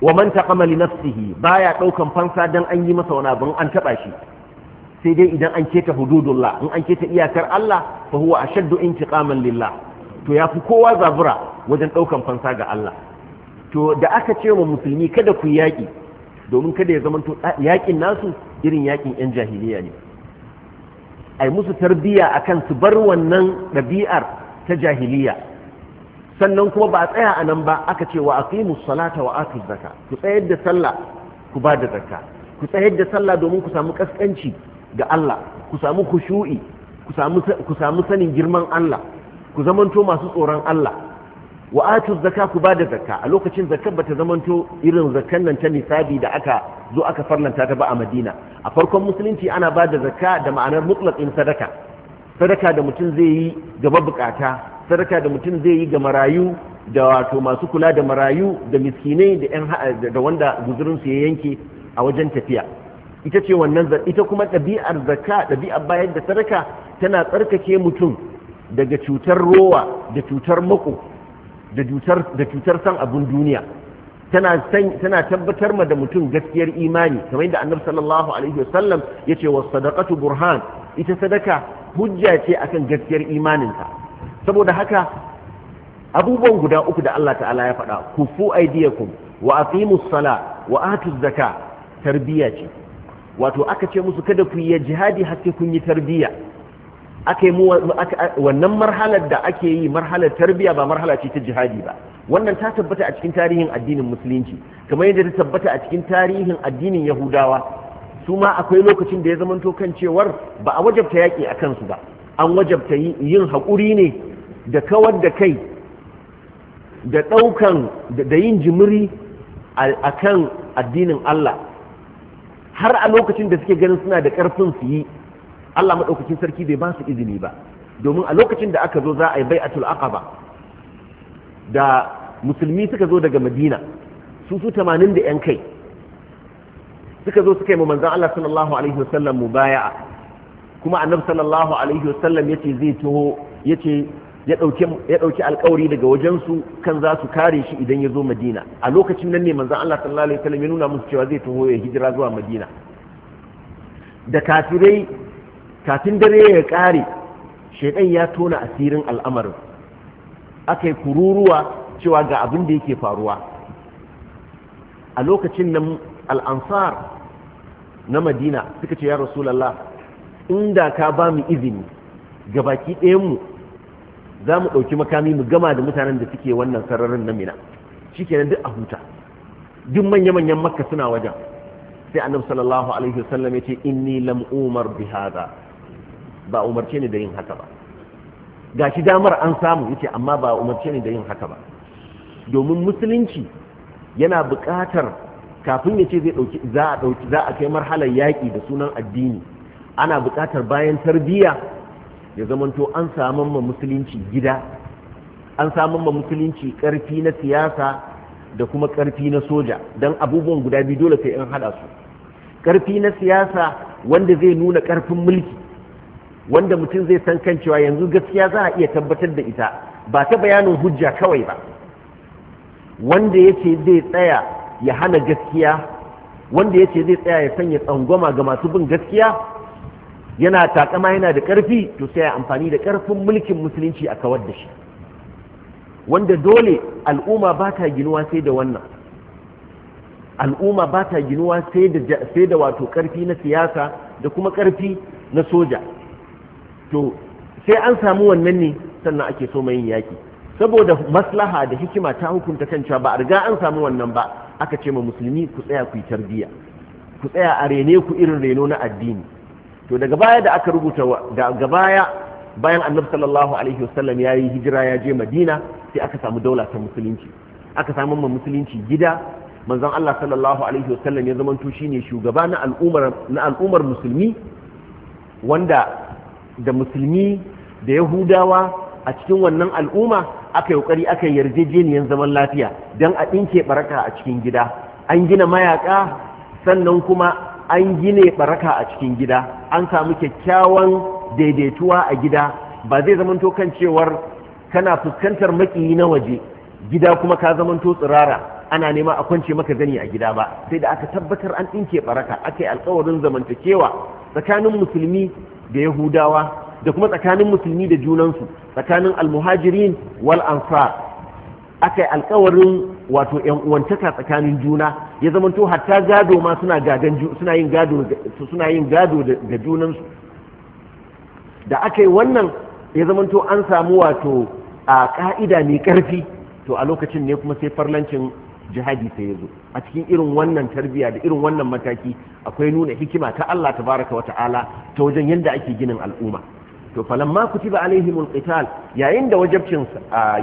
wa man taqama li nafsihi baya daukan fansa dan an yi masa wani abin an taba shi sai dai idan an keta hududullah in an keta iyakar Allah fa huwa ashaddu intiqaman lillah to yafi kowa zabura wajen daukan fansa ga Allah to da aka ce wa musulmi kada ku yaki domin kada ya zamanto yakin nasu irin yakin yan jahiliya ne ai musu tarbiya akan su bar wannan dabi'ar ta jahiliya sannan kuma ba a tsaya a nan ba aka ce wa aqimu salata wa atu zakka ku tsayar da sallah ku ba da zakka ku tsayar da sallah domin ku samu kaskanci ga Allah ku samu khushu'i ku samu ku samu sanin girman Allah ku zamanto masu tsoron Allah wa atu zakka ku ba da zakka a lokacin zakkar bata zamanto irin zakkan nan ta nisabi da aka zo aka farlanta ta ba a Madina a farkon musulunci ana ba da zakka da ma'anar mutlaqin sadaka sadaka da mutum zai yi gaba bukata sadaka da mutum zai yi ga marayu da wato masu kula da marayu da miskinai da yan da wanda guzurin ya yanke a wajen tafiya ita ce wannan ita kuma ɗabi'ar zakka ɗabi'ar bayan da sadaka tana tsarkake mutum daga cutar rowa da cutar mako da cutar da cutar san abun duniya tana tana tabbatar ma da mutum gaskiyar imani kamar yadda annabi sallallahu alaihi wasallam yace was sadaqatu burhan ita sadaka hujja ce akan gaskiyar imaninka saboda haka abubuwan guda uku da Allah ta'ala ya faɗa kufu aidiyakum wa aqimus sala wa atuz zaka tarbiya ce wato aka ce musu kada ku yi jihadi har sai kun yi tarbiya akai mu wannan marhalar da ake yi marhalar tarbiya ba marhala ce ta jihadi ba wannan ta tabbata a cikin tarihin addinin musulunci kamar yadda ta tabbata a cikin tarihin addinin yahudawa su ma akwai lokacin da ya zamanto kan cewar ba a wajabta yaƙi a kansu ba an wajabta yin haƙuri ne da kawar da kai da ɗaukan da yin jimiri a kan addinin Allah har a lokacin da suke ganin suna da ƙarfin su yi Allah maɗaukacin sarki bai ba su izini ba domin a lokacin da aka zo za a yi bai'atul aqaba da musulmi suka zo daga madina su su tamanin da 'yan kai suka zo suka yi manzan Allah sallallahu alaihi wasallam baya kuma annabi sallallahu alaihi wasallam ce zai ya yace ya ɗauki alkawari daga wajensu kan za su kare shi idan ya zo madina a lokacin nan ne manzan Allah sallallahu alaihi wasallam ya nuna musu cewa zai taho ya hijira zuwa madina da kafirai kafin dare ya kare shaidan ya tona asirin al'amarin aka yi kururuwa cewa ga abin da yake faruwa a lokacin nan al'ansar na madina suka ce ya rasulallah inda ka ba mu izini ga baki ɗayanmu za mu ɗauki makami mu gama da mutanen da suke wannan sararin na mina shi kenan duk a huta duk manya-manyan makka suna wajen sai annabi sallallahu alaihi wasallam ya ce inni lam umar bi hada ba umarce ni da yin haka ba Ga shi damar an samu yace amma ba umarce ni da yin haka ba domin musulunci yana buƙatar kafin ya ce za a kai marhalar yaƙi da sunan addini ana buƙatar bayan tarbiyya ya zamanto an saman ma musulunci gida an saman ma musulunci karfi na siyasa da kuma ƙarfi na soja don abubuwan guda biyu dole sai in haɗa su ƙarfi na siyasa wanda zai nuna karfin mulki wanda mutum zai san kan cewa yanzu gaskiya za a iya tabbatar da ita ba ta bayanin hujja kawai ba wanda yake zai tsaya ya hana gaskiya wanda yake zai tsaya ya sanya tsangwama ga masu bin gaskiya yana takama yana da ƙarfi to sai ya amfani da ƙarfin mulkin musulunci a kawar da shi wanda dole al'umma ba ta ginuwa sai da wannan al'umma ba ta ginuwa sai da wato ƙarfi na siyasa da kuma ƙarfi na soja to sai an samu wannan ne sannan ake so yin yaƙi saboda maslaha da hikima ta hukunta kan cewa ba a riga an samu wannan ba aka ce ma musulmi ku tsaya ku yi tarbiyya ku tsaya a rene ku irin reno na addini to daga baya da aka rubuta daga baya bayan annabi sallallahu alaihi wasallam ya yi hijira ya je madina sai aka samu daula ta musulunci aka samu ma musulunci gida manzon Allah sallallahu alaihi wasallam ya zamanto shine shugaba na al'umar na al'umar musulmi wanda da musulmi da yahudawa a cikin wannan al'umma aka yi kokari aka yarjejeniyar zaman lafiya dan a dinke baraka a cikin gida an gina mayaka sannan kuma an gine baraka a cikin gida an samu kyakkyawan daidaituwa a gida ba zai zamanto kan cewar kana fuskantar makiyi na waje gida kuma ka zamanto tsirara ana nema a kwance maka gani a gida ba sai da aka tabbatar an ɗinke baraka aka yi alkawarin zamantakewa tsakanin musulmi da yahudawa da kuma tsakanin musulmi da junansu tsakanin almuhajirin wal ansar aka yi alkawarin wato yan uwantaka tsakanin juna ya zamanto hatta gado ma suna gadon suna yin gado suna yin gado da junansu da aka yi wannan ya zamanto an samu wato a ka'ida mai karfi to a lokacin ne kuma sai farlancin jihadi ta ya zo a cikin irin wannan tarbiyya da irin wannan mataki akwai nuna hikima ta Allah baraka wa ta'ala ta wajen yadda ake ginin al'umma to falamma kutiba alaihimul alqital yayin da wajabcin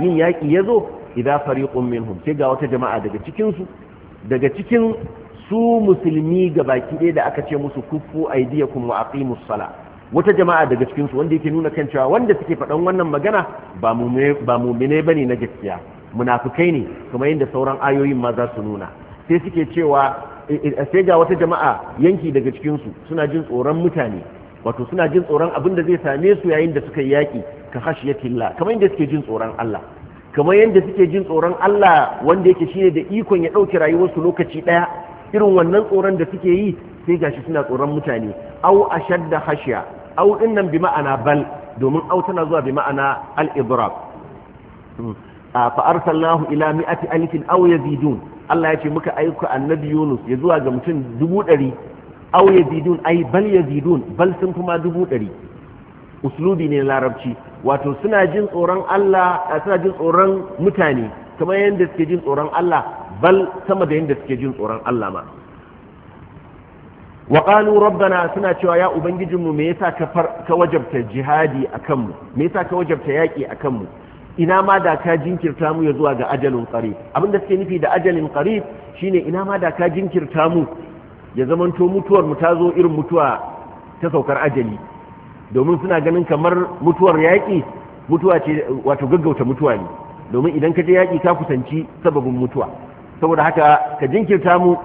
yin yaki ya yazo idza fariqun minhum sai ga wata jama'a daga cikin su daga cikin su musulmi ga baki ɗaya da aka ce musu kuffu aydiyakum wa aqimus sala wata jama'a daga cikin wanda yake nuna kan cewa wanda suke faɗan wannan magana ba mumine ba mumine bane na gaskiya munafikai ne kuma yadda sauran ayoyin ma za su nuna sai suke cewa eh, eh, sai ga wata jama'a yanki daga cikin su suna jin tsoron mutane wato suna jin tsoron abin da zai same su yayin da suka yi yaƙi ka khashiyatillah kamar yadda suke jin tsoron Allah kamar yadda suke jin tsoron Allah wanda yake shine da ikon ya ɗauki rayuwarsu lokaci ɗaya irin wannan tsoron da suke yi sai gashi suna tsoron mutane au ashadda hashiya au nan bi ma'ana bal domin au tana zuwa bi ma'ana al-idrab hmm. fa arsalnahu ila mi'ati alifin aw yazidun Allah ya ce muka aika annabi Yunus ya zuwa ga mutum dubu ɗari aw yazidun ai bal yazidun bal sun kuma dubu ɗari uslubi ne larabci wato suna jin tsoron Allah suna jin tsoron mutane kamar yadda suke jin tsoron Allah bal sama da yadda suke jin tsoron Allah ma wa qalu rabbana suna cewa ya ubangijinmu me yasa ka ka wajabta jihadi akan mu me yasa ka wajabta yaki akan mu ina ma da ka jinkirta mu ya zuwa ga ajalin qarib abin da suke nufi da ajalin qarib shine ina ma da ka jinkirta mu ya zamanto mutuwar mu ta zo irin mutuwa ta saukar ajali domin suna ganin kamar mutuwar yaƙi mutuwa ce wato gaggauta mutuwa ne domin idan ka je yaƙi ka kusanci sababin mutuwa saboda haka ka jinkirta mu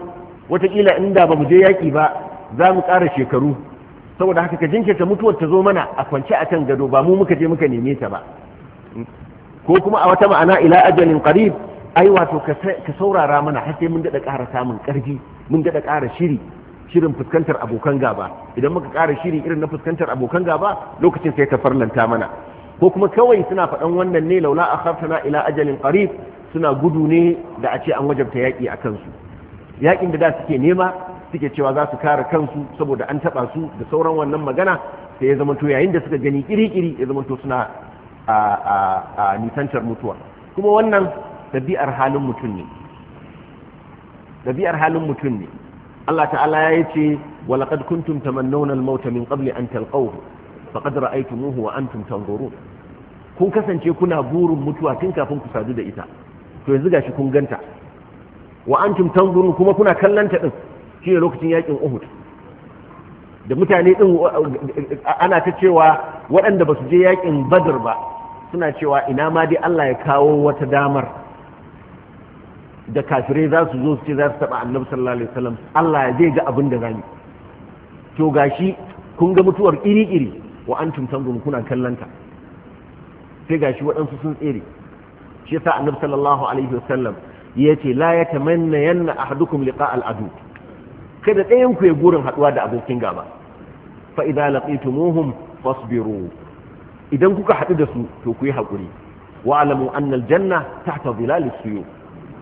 wataƙila inda ba mu je yaƙi ba za mu ƙara shekaru saboda haka ka jinkirta mutuwar ta zo mana a kwance a kan gado ba mu muka je muka neme ta ba ko kuma a wata ma'ana ila ajalin qarib ai wato ka saurara mana har sai mun daɗa ƙara samun ƙarfi mun daɗa ƙara shiri shirin fuskantar abokan gaba idan muka kara shiri irin na fuskantar abokan gaba lokacin sai ta farlanta mana ko kuma kawai suna faɗan wannan ne laula a akhartana ila ajalin qarib suna gudu ne da a ce an wajabta yaƙi a kansu yaƙin da da suke nema suke cewa za su kare kansu saboda an taɓa su da sauran wannan magana sai ya zama to yayin da suka gani kiri-kiri ya zama to suna a nisantar mutuwa kuma wannan ɗabi'ar halin mutum ne ɗabi'ar halin mutum ne Allah ta'ala ya ce wa laqad kuntum tamannawna al-maut min qabli an talqawhu faqad ra'aytumuhu wa antum tanzurun kun kasance kuna burin mutuwa tun kafin ku sadu da ita to yanzu gashi kun ganta wa antum tanzurun kuma kuna kallanta din ne lokacin yakin Uhud da mutane din ana ta cewa waɗanda ba su je yakin Badr ba suna cewa ina ma dai Allah ya kawo wata damar da kafirai za su zo su ce za su taɓa annabi sallallahu alaihi wasallam Allah zai ga abin da zani to gashi kun ga mutuwar iri-iri wa an tumtanzun kuna kallanta sai gashi waɗansu sun tsere shi yasa annabi sallallahu alaihi wasallam ya ce la ya tamanna yanna ahadukum liqa al adu kada ɗayan ku ya gurin haɗuwa da abokin gaba fa idza laqitumuhum fasbiru idan kuka haɗu da su to ku yi haƙuri wa alamu anna al janna tahta dhilal suyuf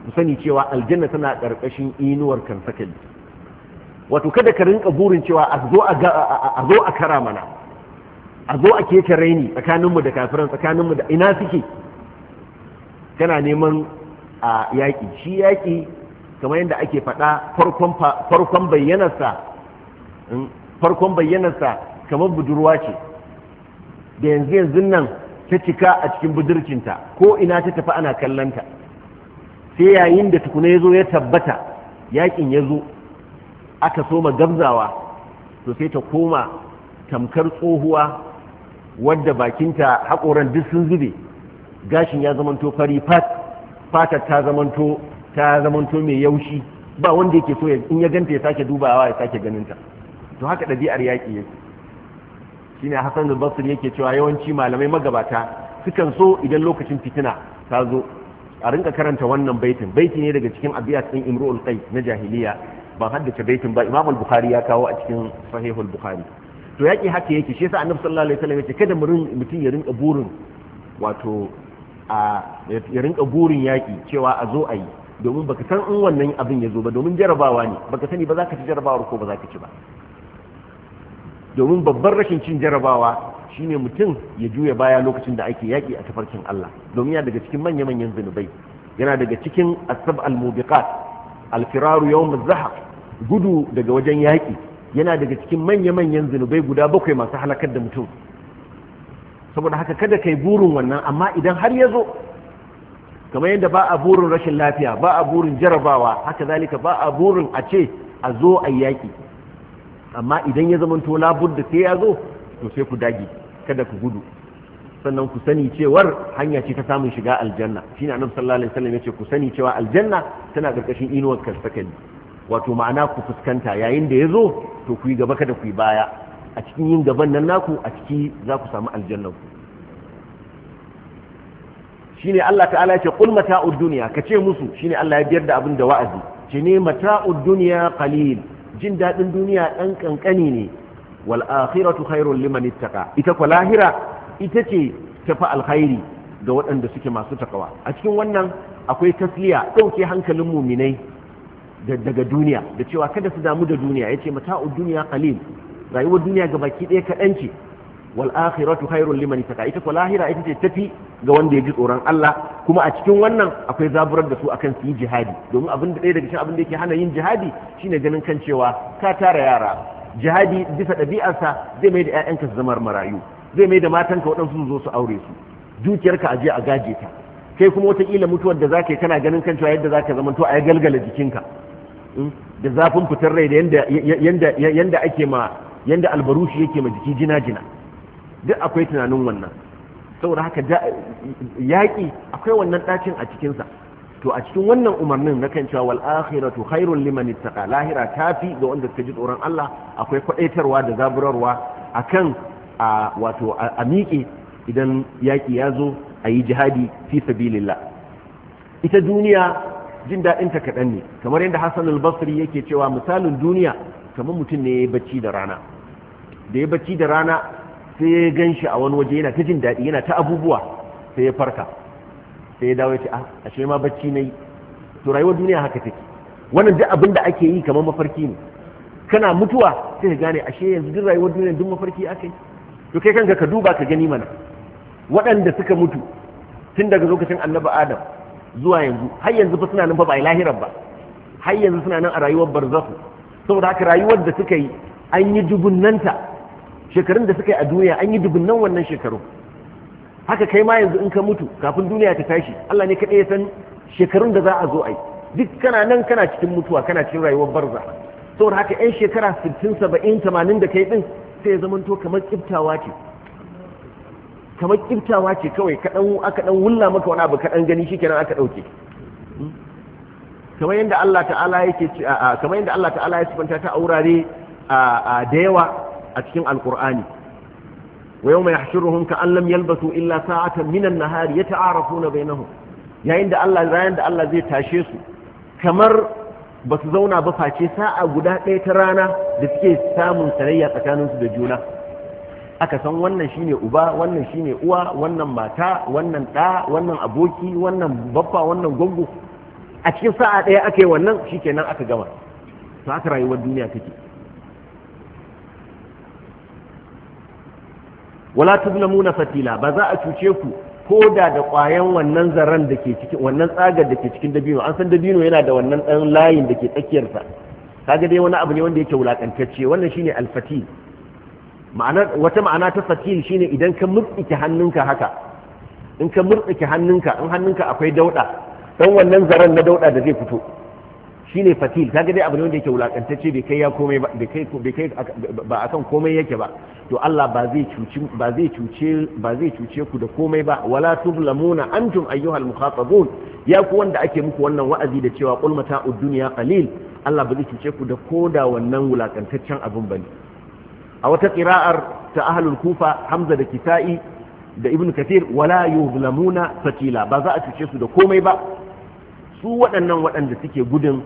ku sani cewa aljanna tana ƙarƙashin inuwar kan sakali wato kada ka rinka burin cewa a zo a kara mana a zo a keke raini tsakaninmu da kafiran tsakaninmu da ina suke kana neman a yaƙi shi yaƙi kamar yadda ake faɗa farkon bayyanarsa hmm, farkon bayyanarsa kamar budurwa ce da yanzu yanzu nan ta cika a cikin budurcinta ko ina ta tafi ana kallanta sai yayin da tukuna ya zo ya tabbata yakin ya zo aka soma gabzawa to sai ta koma tamkar tsohuwa wadda bakinta haƙoran duk sun zube gashin ya zamanto fari fatar ta zamanto ta zamanto mai yaushi ba wanda yake so in ya ganta ya sake dubawa ya sake ganinta to haka ɗabi'ar yaƙi yake shine Hassan al-Basri yake cewa yawanci malamai magabata sukan so idan lokacin fitina ta zo a rinka karanta wannan baitin baiti ne daga cikin abiyat din imru'ul qais na jahiliya ba haddace baitin ba imam al-bukhari ya kawo a cikin sahihul bukhari to yaki haka yake shi yasa annabi sallallahu alaihi wasallam yace kada mutum ya rinka burin wato a ya rinka burin yaki cewa a zo ayi domin baka san in wannan abin ya zo ba domin jarabawa ne baka sani ba za ka ci jarabawar ko ba za ka ci ba domin babban rashin cin jarabawa ne mutum ya juya baya lokacin da ake yaƙi a tafarkin Allah domin ya daga cikin manya-manyan zunubai yana daga cikin asab al-mubiqat al-firaru yawm az zahq gudu daga wajen yaƙi yana daga cikin manya-manyan zunubai guda bakwai masu halakar da mutum saboda haka kada kai burin wannan amma idan har ya zo kamar yadda ba a burin rashin lafiya ba a burin jarabawa haka zalika ba a burin a ce a zo a yaƙi amma idan ya zama to labur da sai ya zo to sai ku dage kada ku gudu sannan ku sani cewar hanya ce ta samun shiga aljanna shi ne annabi sallallahu alaihi wasallam yace ku sani cewa aljanna tana karkashin inuwar kasakali wato ma'ana ku fuskanta yayin da yazo to ku yi gaba kada ku yi baya a cikin yin gaban nan naku a ciki za ku samu aljanna ku shine Allah ta'ala yace qul mata'ud dunya kace musu shine Allah ya biyar da abin da wa'azi shi ne mata'ud dunya qalil jin dadin duniya dan kankani ne wal akhiratu khairul liman ittaqa ita kwa lahira ita ce tafi alkhairi ga waɗanda suke masu takawa a cikin wannan akwai tasliya ɗauke hankalin muminai daga duniya da cewa kada su damu da duniya yace mata'u duniya qalil rayuwar duniya ga baki ɗaya kaɗan ce wal akhiratu khairul liman ittaqa ita ko lahira ita ce tafi ga wanda ya ji tsoron Allah kuma a cikin wannan akwai zaburar da su akan su yi jihadi domin abin da ɗaya daga cikin abin da yake hana yin jihadi shine ganin kan cewa ka tara yara jihadi bisa ɗabi'arsa zai mai da 'ya'yanka su zama marayu zai mai da matanka waɗansu zo su aure su dukiyarka aje a gaje ta kai kuma wataƙila mutuwar da za ka yi kana ganin kan cewa yadda za ka zama to a ya galgala jikinka hmm? da zafin fitar rai da yadda ake ma yadda albarushi yake ma jiki jina jina duk akwai tunanin wannan saboda haka yaƙi akwai wannan ɗacin a cikinsa to a cikin wannan umarnin na kan cewa wal akhiratu khairul liman ittaqa lahira tafi ga wanda suka ji tsoron Allah akwai kwadaitarwa da zaburarwa akan a wato a miƙe idan yaki ya zo a yi jihadi fi sabilillah ita duniya jin daɗin ta kaɗan ne kamar yadda Hassan al-Basri yake cewa misalin duniya kamar mutum ne ya bacci da rana da ya bacci da rana sai ya ganshi a wani waje yana ta jin daɗi yana ta abubuwa sai ya farka sai ya dawo ya ce a ah, ashe ma bacci na yi to rayuwar duniya haka take wannan duk abin da ake yi kamar mafarki ne kana mutuwa sai ka gane ashe yanzu duk rayuwar duniya duk mafarki aka yi to kai kanka ka duba ka gani mana waɗanda suka mutu tun daga lokacin annabi adam zuwa yanzu har yanzu fa suna nan fa ba lahirar ba har yanzu suna nan a rayuwar barzahu saboda haka rayuwar da suka yi an yi dubunnanta shekarun da suka yi a duniya an yi dubunnan wannan shekaru haka kai ma yanzu in ka mutu kafin duniya ta tashi Allah ne kaɗai ya san shekarun da za a zo a yi duk kana nan kana cikin mutuwa kana cikin rayuwar barza saboda haka yan shekara 60 70 80 da kai din sai ya zamanto kamar kiftawa ce kamar kiftawa ce kawai dan aka ɗan wulla maka wani abu kaɗan gani shikenan aka ɗauke hmm? kamar yadda Allah ta'ala yake kamar yadda Allah ta'ala ya sifanta ta aurare da yawa a cikin alkur'ani ويوم يحشرهم illa لم يلبثوا إلا ساعة من النهار يتعارفون بينهم yayin da Allah ranar da Allah zai tashe su kamar ba su zauna ba face sa'a guda ɗaya ta rana da suke samun sanayya tsakaninsu da juna aka san wannan shine uba wannan shine uwa wannan mata wannan ɗa wannan aboki wannan baffa wannan gongo a cikin sa'a ɗaya aka yi wannan shikenan aka gama to haka rayuwar duniya take wala tuzlamuna fatila ba za a cuce ku ko da da ƙwayan wannan zaren da ke cikin wannan tsagar da ke cikin dabino an san dabino yana da wannan ɗan layin da ke tsakiyarsa kaga dai wani abu ne wanda yake wulakantacce wannan shine alfatil ma'ana wata ma'ana ta fatil shine idan ka murtsike hannunka haka in ka murtsike hannunka in hannunka akwai dauda dan wannan zaren na dauda da zai fito ne fatil ta dai abu ne wanda yake wulakantacce bai kai ya komai ba kai komai yake ba to Allah ba zai cuce ba zai cuce ku da komai ba wala tublamuna antum ayyuhal mukhatabun ya ku wanda ake muku wannan wa'azi da cewa qul mata'ud dunya qalil Allah ba zai cuce ku da koda wannan wulakantaccen abun bane a wata qira'ar ta ahlul kufa hamza da kisa'i da ibn kathir wala yuzlamuna fatila ba za a cuce su da komai ba su waɗannan waɗanda suke gudun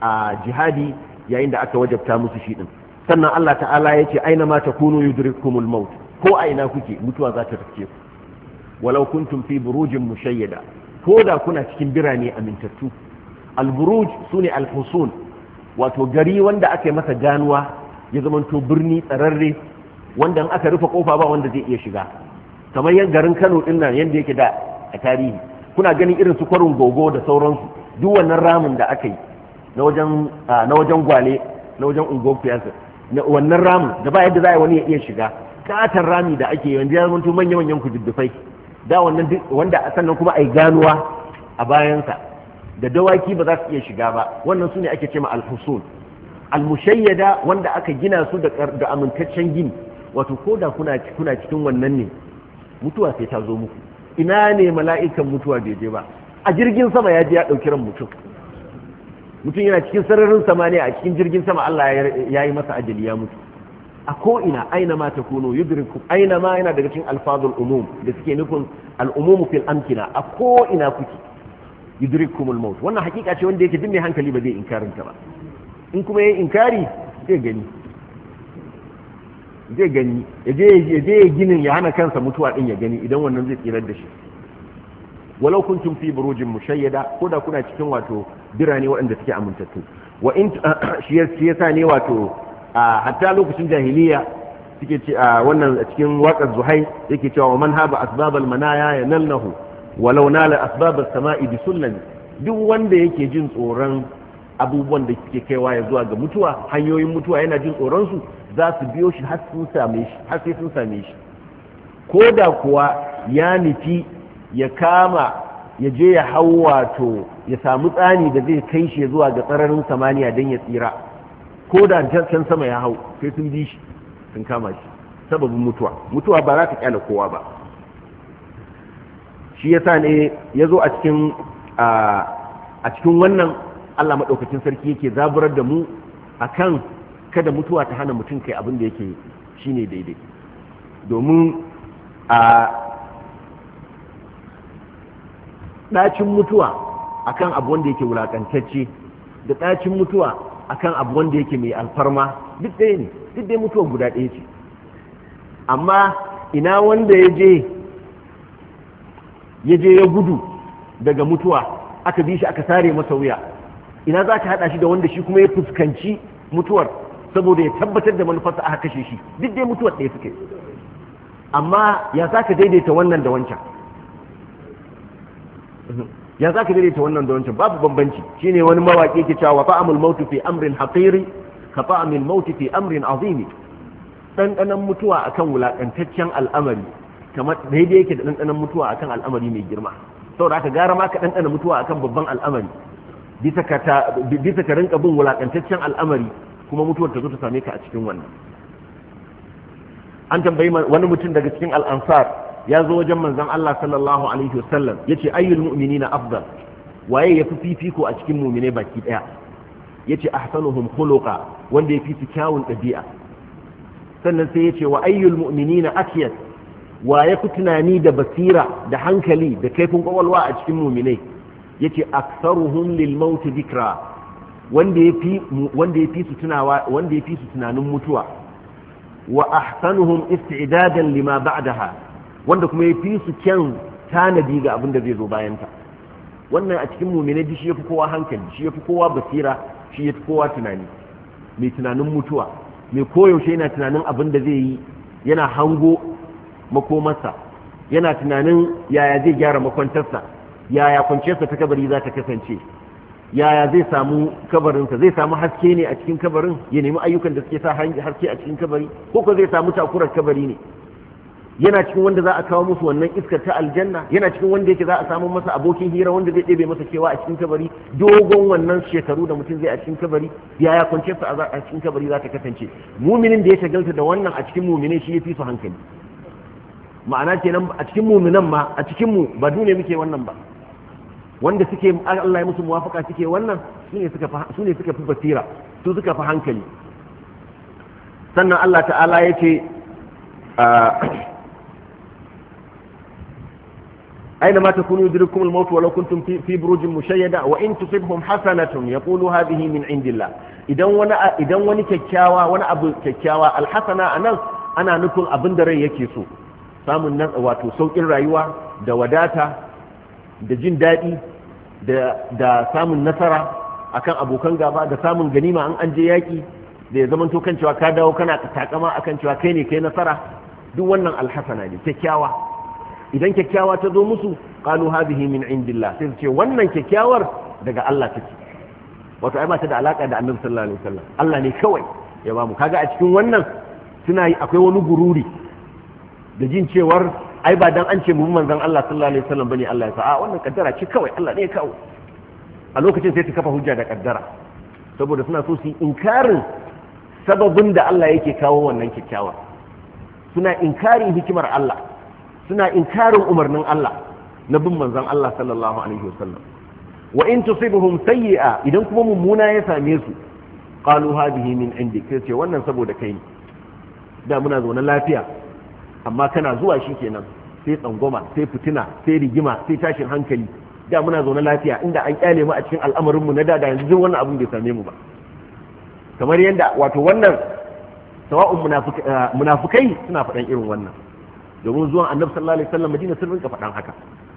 a jihadi yayin da aka wajabta musu shi din sannan Allah ta'ala ya ce aina ma takunu yudrikumul maut ko a ina kuke mutuwa za ta tafke ku walau kuntum fi burujin mushayyada ko da kuna cikin birane amintattu al-buruj sune al-husun wato gari wanda aka masa ganuwa ya zamanto birni tsararre wanda in aka rufe kofa ba wanda zai iya shiga kamar yan garin Kano din nan yanda yake da a tarihi kuna ganin irin su kwarin gogo da sauransu duk wannan ramin da aka yi Ah, na wajen gwale na wajen wannan ramu da ba yadda za a wani ya iya shiga katar rami da ake yanzu ya zamanto manya-manyan kududdufai da wannan wanda sannan kuma yi ganuwa a bayansa da dawaki ba za su iya shiga ba wannan su ne ake ce ma alhusul almushayyada wanda aka gina su da amintaccen gini wato ko da kuna cikin wannan ne mutuwa sai ta zo muku ina ne mala'ikan mutuwa bai je ba a jirgin sama ya je ya ɗauki ran mutum mutum yana cikin sararin samaniya a cikin jirgin sama Allah ya yi masa ajali ya mutu a ko'ina aina ma ta kuno yudrikum aina ma yana daga cikin alfazul umum da suke nufin al'umumu fil amkina a ko'ina kuke yudrikumul maut wannan hakika ce wanda yake duk mai hankali ba zai inkarin ta ba in kuma yayi inkari zai gani zai gani ya je ya ginin ya hana kansa mutuwa din ya gani idan wannan zai tsirar da shi walau kuntum fi burujin mushayyada ko da kuna cikin wato birane waɗanda suke amintattu wa in shi yasa ne wato a hatta lokacin jahiliya suke ce wannan cikin waƙar zuhai yake cewa wa man haba asbabal manaya ya nalnahu walau nala asbabal sama'i bi duk wanda yake jin tsoron abubuwan da suke kaiwa ya zuwa ga mutuwa hanyoyin mutuwa yana jin tsoron su za su biyo shi har sai sun same shi ko da kuwa ya nufi ya kama ya je ya hau wato ya samu tsani da zai kai shi zuwa ga tsararin samaniya don ya tsira ko da can sama ya hau sai sun bi shi sun kama shi sababin mutuwa mutuwa ba za ta kyala kowa ba shi sa ne ya zo a cikin wannan Allah maɗaukacin sarki yake zaburar da mu a kan kada mutuwa ta hana mutum kai abin da yake shi ne daidai domin a ɗacin mutuwa akan abu wanda yake wulakantacce da ɗacin mutuwa akan abu wanda yake mai alfarma duk ɗaya ne duk dai mutuwa guda ɗaya ce amma ina wanda ya je ya je ya gudu daga mutuwa aka bi shi aka sare masa wuya ina za ka haɗa shi da wanda shi kuma ya fuskanci mutuwar saboda ya tabbatar da manufarsa aka kashe shi duk dai mutuwar ɗaya suke amma ya za ka daidaita wannan da wancan ya za ka daidaita wannan da wancan babu bambanci shine wani mawaƙi ke cewa fa'amul mautu fi amrin haqiri ka amul mautu fi amrin azimi ɗanɗanon mutuwa akan wulakantaccen al'amari kamar daidai yake da ɗanɗanon mutuwa akan al'amari mai girma saboda haka gara ma ka ɗanɗana mutuwa akan babban al'amari bisa ka rinka bin wulakantaccen al'amari kuma mutuwar ta zo ta same ka a cikin wannan an tambayi wani mutum daga cikin al'ansar ya zo wajen manzon Allah sallallahu alaihi wasallam yace ayyul mu'minina afdal waye yafi fifiko a cikin muminai baki daya ce ahsanuhum khuluqa wanda ya fi su kyawun ɗabi'a sannan sai ya ce wa ayyul mu'minina wa ya fi tunani da basira da hankali da kaifin kwakwalwa a cikin muminai ya ce aktharuhum lil maut Dikra wanda ya fi su tunawa wanda yafi su tunanin mutuwa wa ahsanuhum isti'dadan lima ba'daha wanda kuma ya fi su kyan tanadi ga abin da zai zo bayanta wannan a cikin ji shi ya fi kowa hankali shi ya fi kowa basira shi ya fi kowa tunani mai tunanin mutuwa mai koyaushe yana tunanin abin da zai yi yana hango makomarsa yana tunanin yaya zai gyara makwantarsa yaya kwanciyarsa ta kabari za ta kasance yaya zai samu kabarinsa zai samu haske ne a cikin kabarin ya nemi ayyukan da suke sa haske a cikin kabari ko ko zai samu takurar kabari ne yana cikin wanda za a kawo musu wannan iskar ta aljanna yana cikin wanda yake za a samu masa abokin hira wanda zai ɗebe masa kewa a cikin kabari dogon wannan shekaru da mutum zai a cikin kabari yaya su a cikin kabari za ta kasance muminin da ya shagalta da wannan a cikin muminin shi ya fi su hankali ma'ana kenan a cikin muminan ma a cikin mu ba dune muke wannan ba wanda suke Allah ya musu muwafaka suke wannan sune suka sune suka fi basira su suka fi hankali sannan Allah ta'ala ya ce ah, أينما تكونوا يدرككم الموت ولو كنتم في, في بروج مشيدة وإن تصبهم حسنة يقول هذه من عند الله إذا وانا إذا وانا كيكاوا وانا أبو كيكاوا الحسنة أنا أنا نكون أبن دري يكيسو سامو الناس واتو سوء الرأيوة دا وداتا دا جن دائي دا, دا سامو النسرة أكان أبو كان غابا دا سامو الغنيمة أن أنجي ياكي da ya zamanto kan cewa ka dawo kana takama akan cewa kai ne kai nasara duk wannan alhasana ne kyakkyawa idan kyakkyawa ta zo musu kalu hadhihi min indillah sai su ce wannan kyakkyawar daga Allah take wato ai ba ta da alaka da Annabi sallallahu alaihi wasallam Allah ne kawai ya ba mu kaga a cikin wannan suna yi akwai wani gururi da jin cewar ai ba dan an ce mu manzon Allah sallallahu alaihi wasallam bane Allah ya sa a wannan kaddara ce kawai Allah ne ya kawo a lokacin sai su kafa hujja da kaddara saboda suna so su yi inkarin sababin da Allah yake kawo wannan kyakkyawar suna inkarin hikimar Allah suna inkarin umarnin Allah na bin manzan Allah sallallahu alaihi wasallam wa in tusibuhum a, idan kuma mummuna ya same su qalu hadhihi min indik sai ce wannan saboda kai da muna zaune lafiya amma kana zuwa shikenan sai tsangwama sai fitina sai rigima sai tashin hankali da muna zaune lafiya inda an kyale mu a cikin al'amarinmu na da da yanzu duk wannan abin bai same mu ba kamar yadda wato wannan sawa'un eh, munafukai suna faɗan irin wannan domin zuwan annabi sallallahu alaihi wasallam madina sun rinka faɗan haka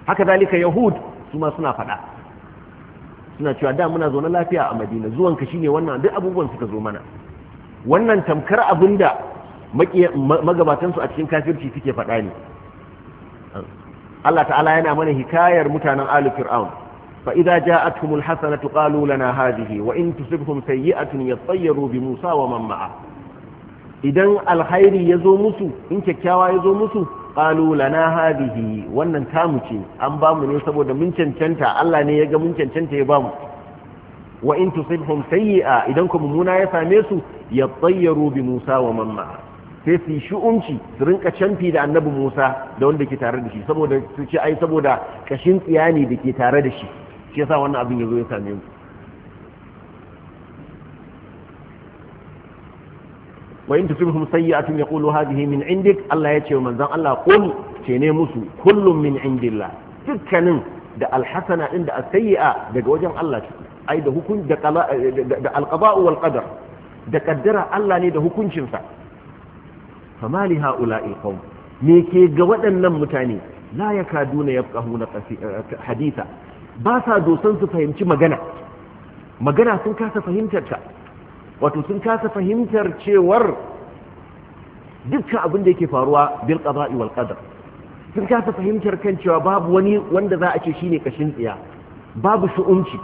haka zalika yahud su ma suna faɗa suna cewa da muna zaune lafiya a madina zuwan ka shine wannan duk abubuwan suka zo mana wannan tamkar abinda magabatan su a cikin kafirci suke faɗa ne Allah ta'ala yana mana hikayar mutanen alu fir'aun fa idza ja'atuhumul hasanatu qalu lana hadhihi wa in tusibhum sayyi'atun yattayyaru bi Musa wa man idan alkhairi ya zo musu in kyakkyawa ya zo musu qalu lana hadihi wannan tamu ce an ba mu ne saboda mun cancanta Allah ne ya ga mun cancanta ya ba mu wa in tusibhum sayyi'a idan ku mumuna ya same su ya yattayyaru bi Musa wa Mamma, sai su shu'unci su rinka canfi da annabi Musa da wanda ke tare da shi saboda su ce ai saboda kashin tsiyani da ke tare da shi shi yasa wannan abin ya zo ya same mu wa in tusibhum sayyi'atun yaqulu hadhihi min indik Allah ya ce wa manzan Allah qul ce ne musu kullum min indillah dukkanin da alhasana din da as-sayyi'a daga wajen Allah ce ai da hukun da da al wal qadar da kaddara Allah ne da hukuncinsa famali ha'ula'il qawm me ke ga waɗannan mutane la yakaduna yafqahuna haditha ba sa dosan su fahimci magana magana sun kasa fahimtar ta wato sun kasa fahimtar cewar dukkan abin da yake faruwa bil qada'i wal qadar sun kasa fahimtar kan cewa babu wani wanda za a ce shine kashin tsiya babu shu'unci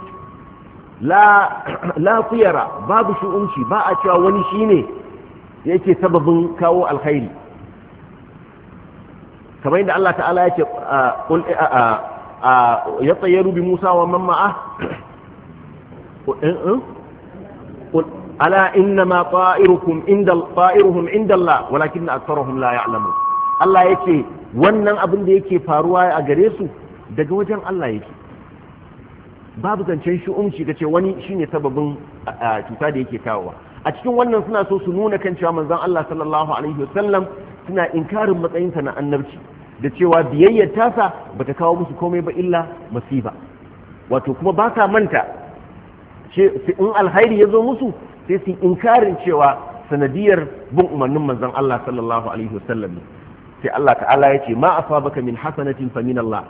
la la babu shu'unci ba a cewa wani shine yake sababin kawo alkhairi kamar yadda Allah ta'ala yake ya tsayaru bi Musa wa man ala innama ta'irukum inda ta'iruhum Allah walakin aktharuhum yake wannan abin da yake faruwa a gare su daga wajen Allah yake babu zancen shi'umci ga ce wani shine sababin cuta da yake kawowa a cikin wannan suna so su nuna kan cewa manzon Allah sallallahu alaihi wasallam suna inkarin matsayinsa na annabci da cewa biyayyar tasa bata kawo musu komai ba illa masiba wato kuma ba ka manta in alhairi ya zo musu sai su inkarin cewa sanadiyar bin umarnin manzon Allah sallallahu alaihi wasallam sai Allah ta'ala ya ce ma asabaka min hasanatin fa min Allah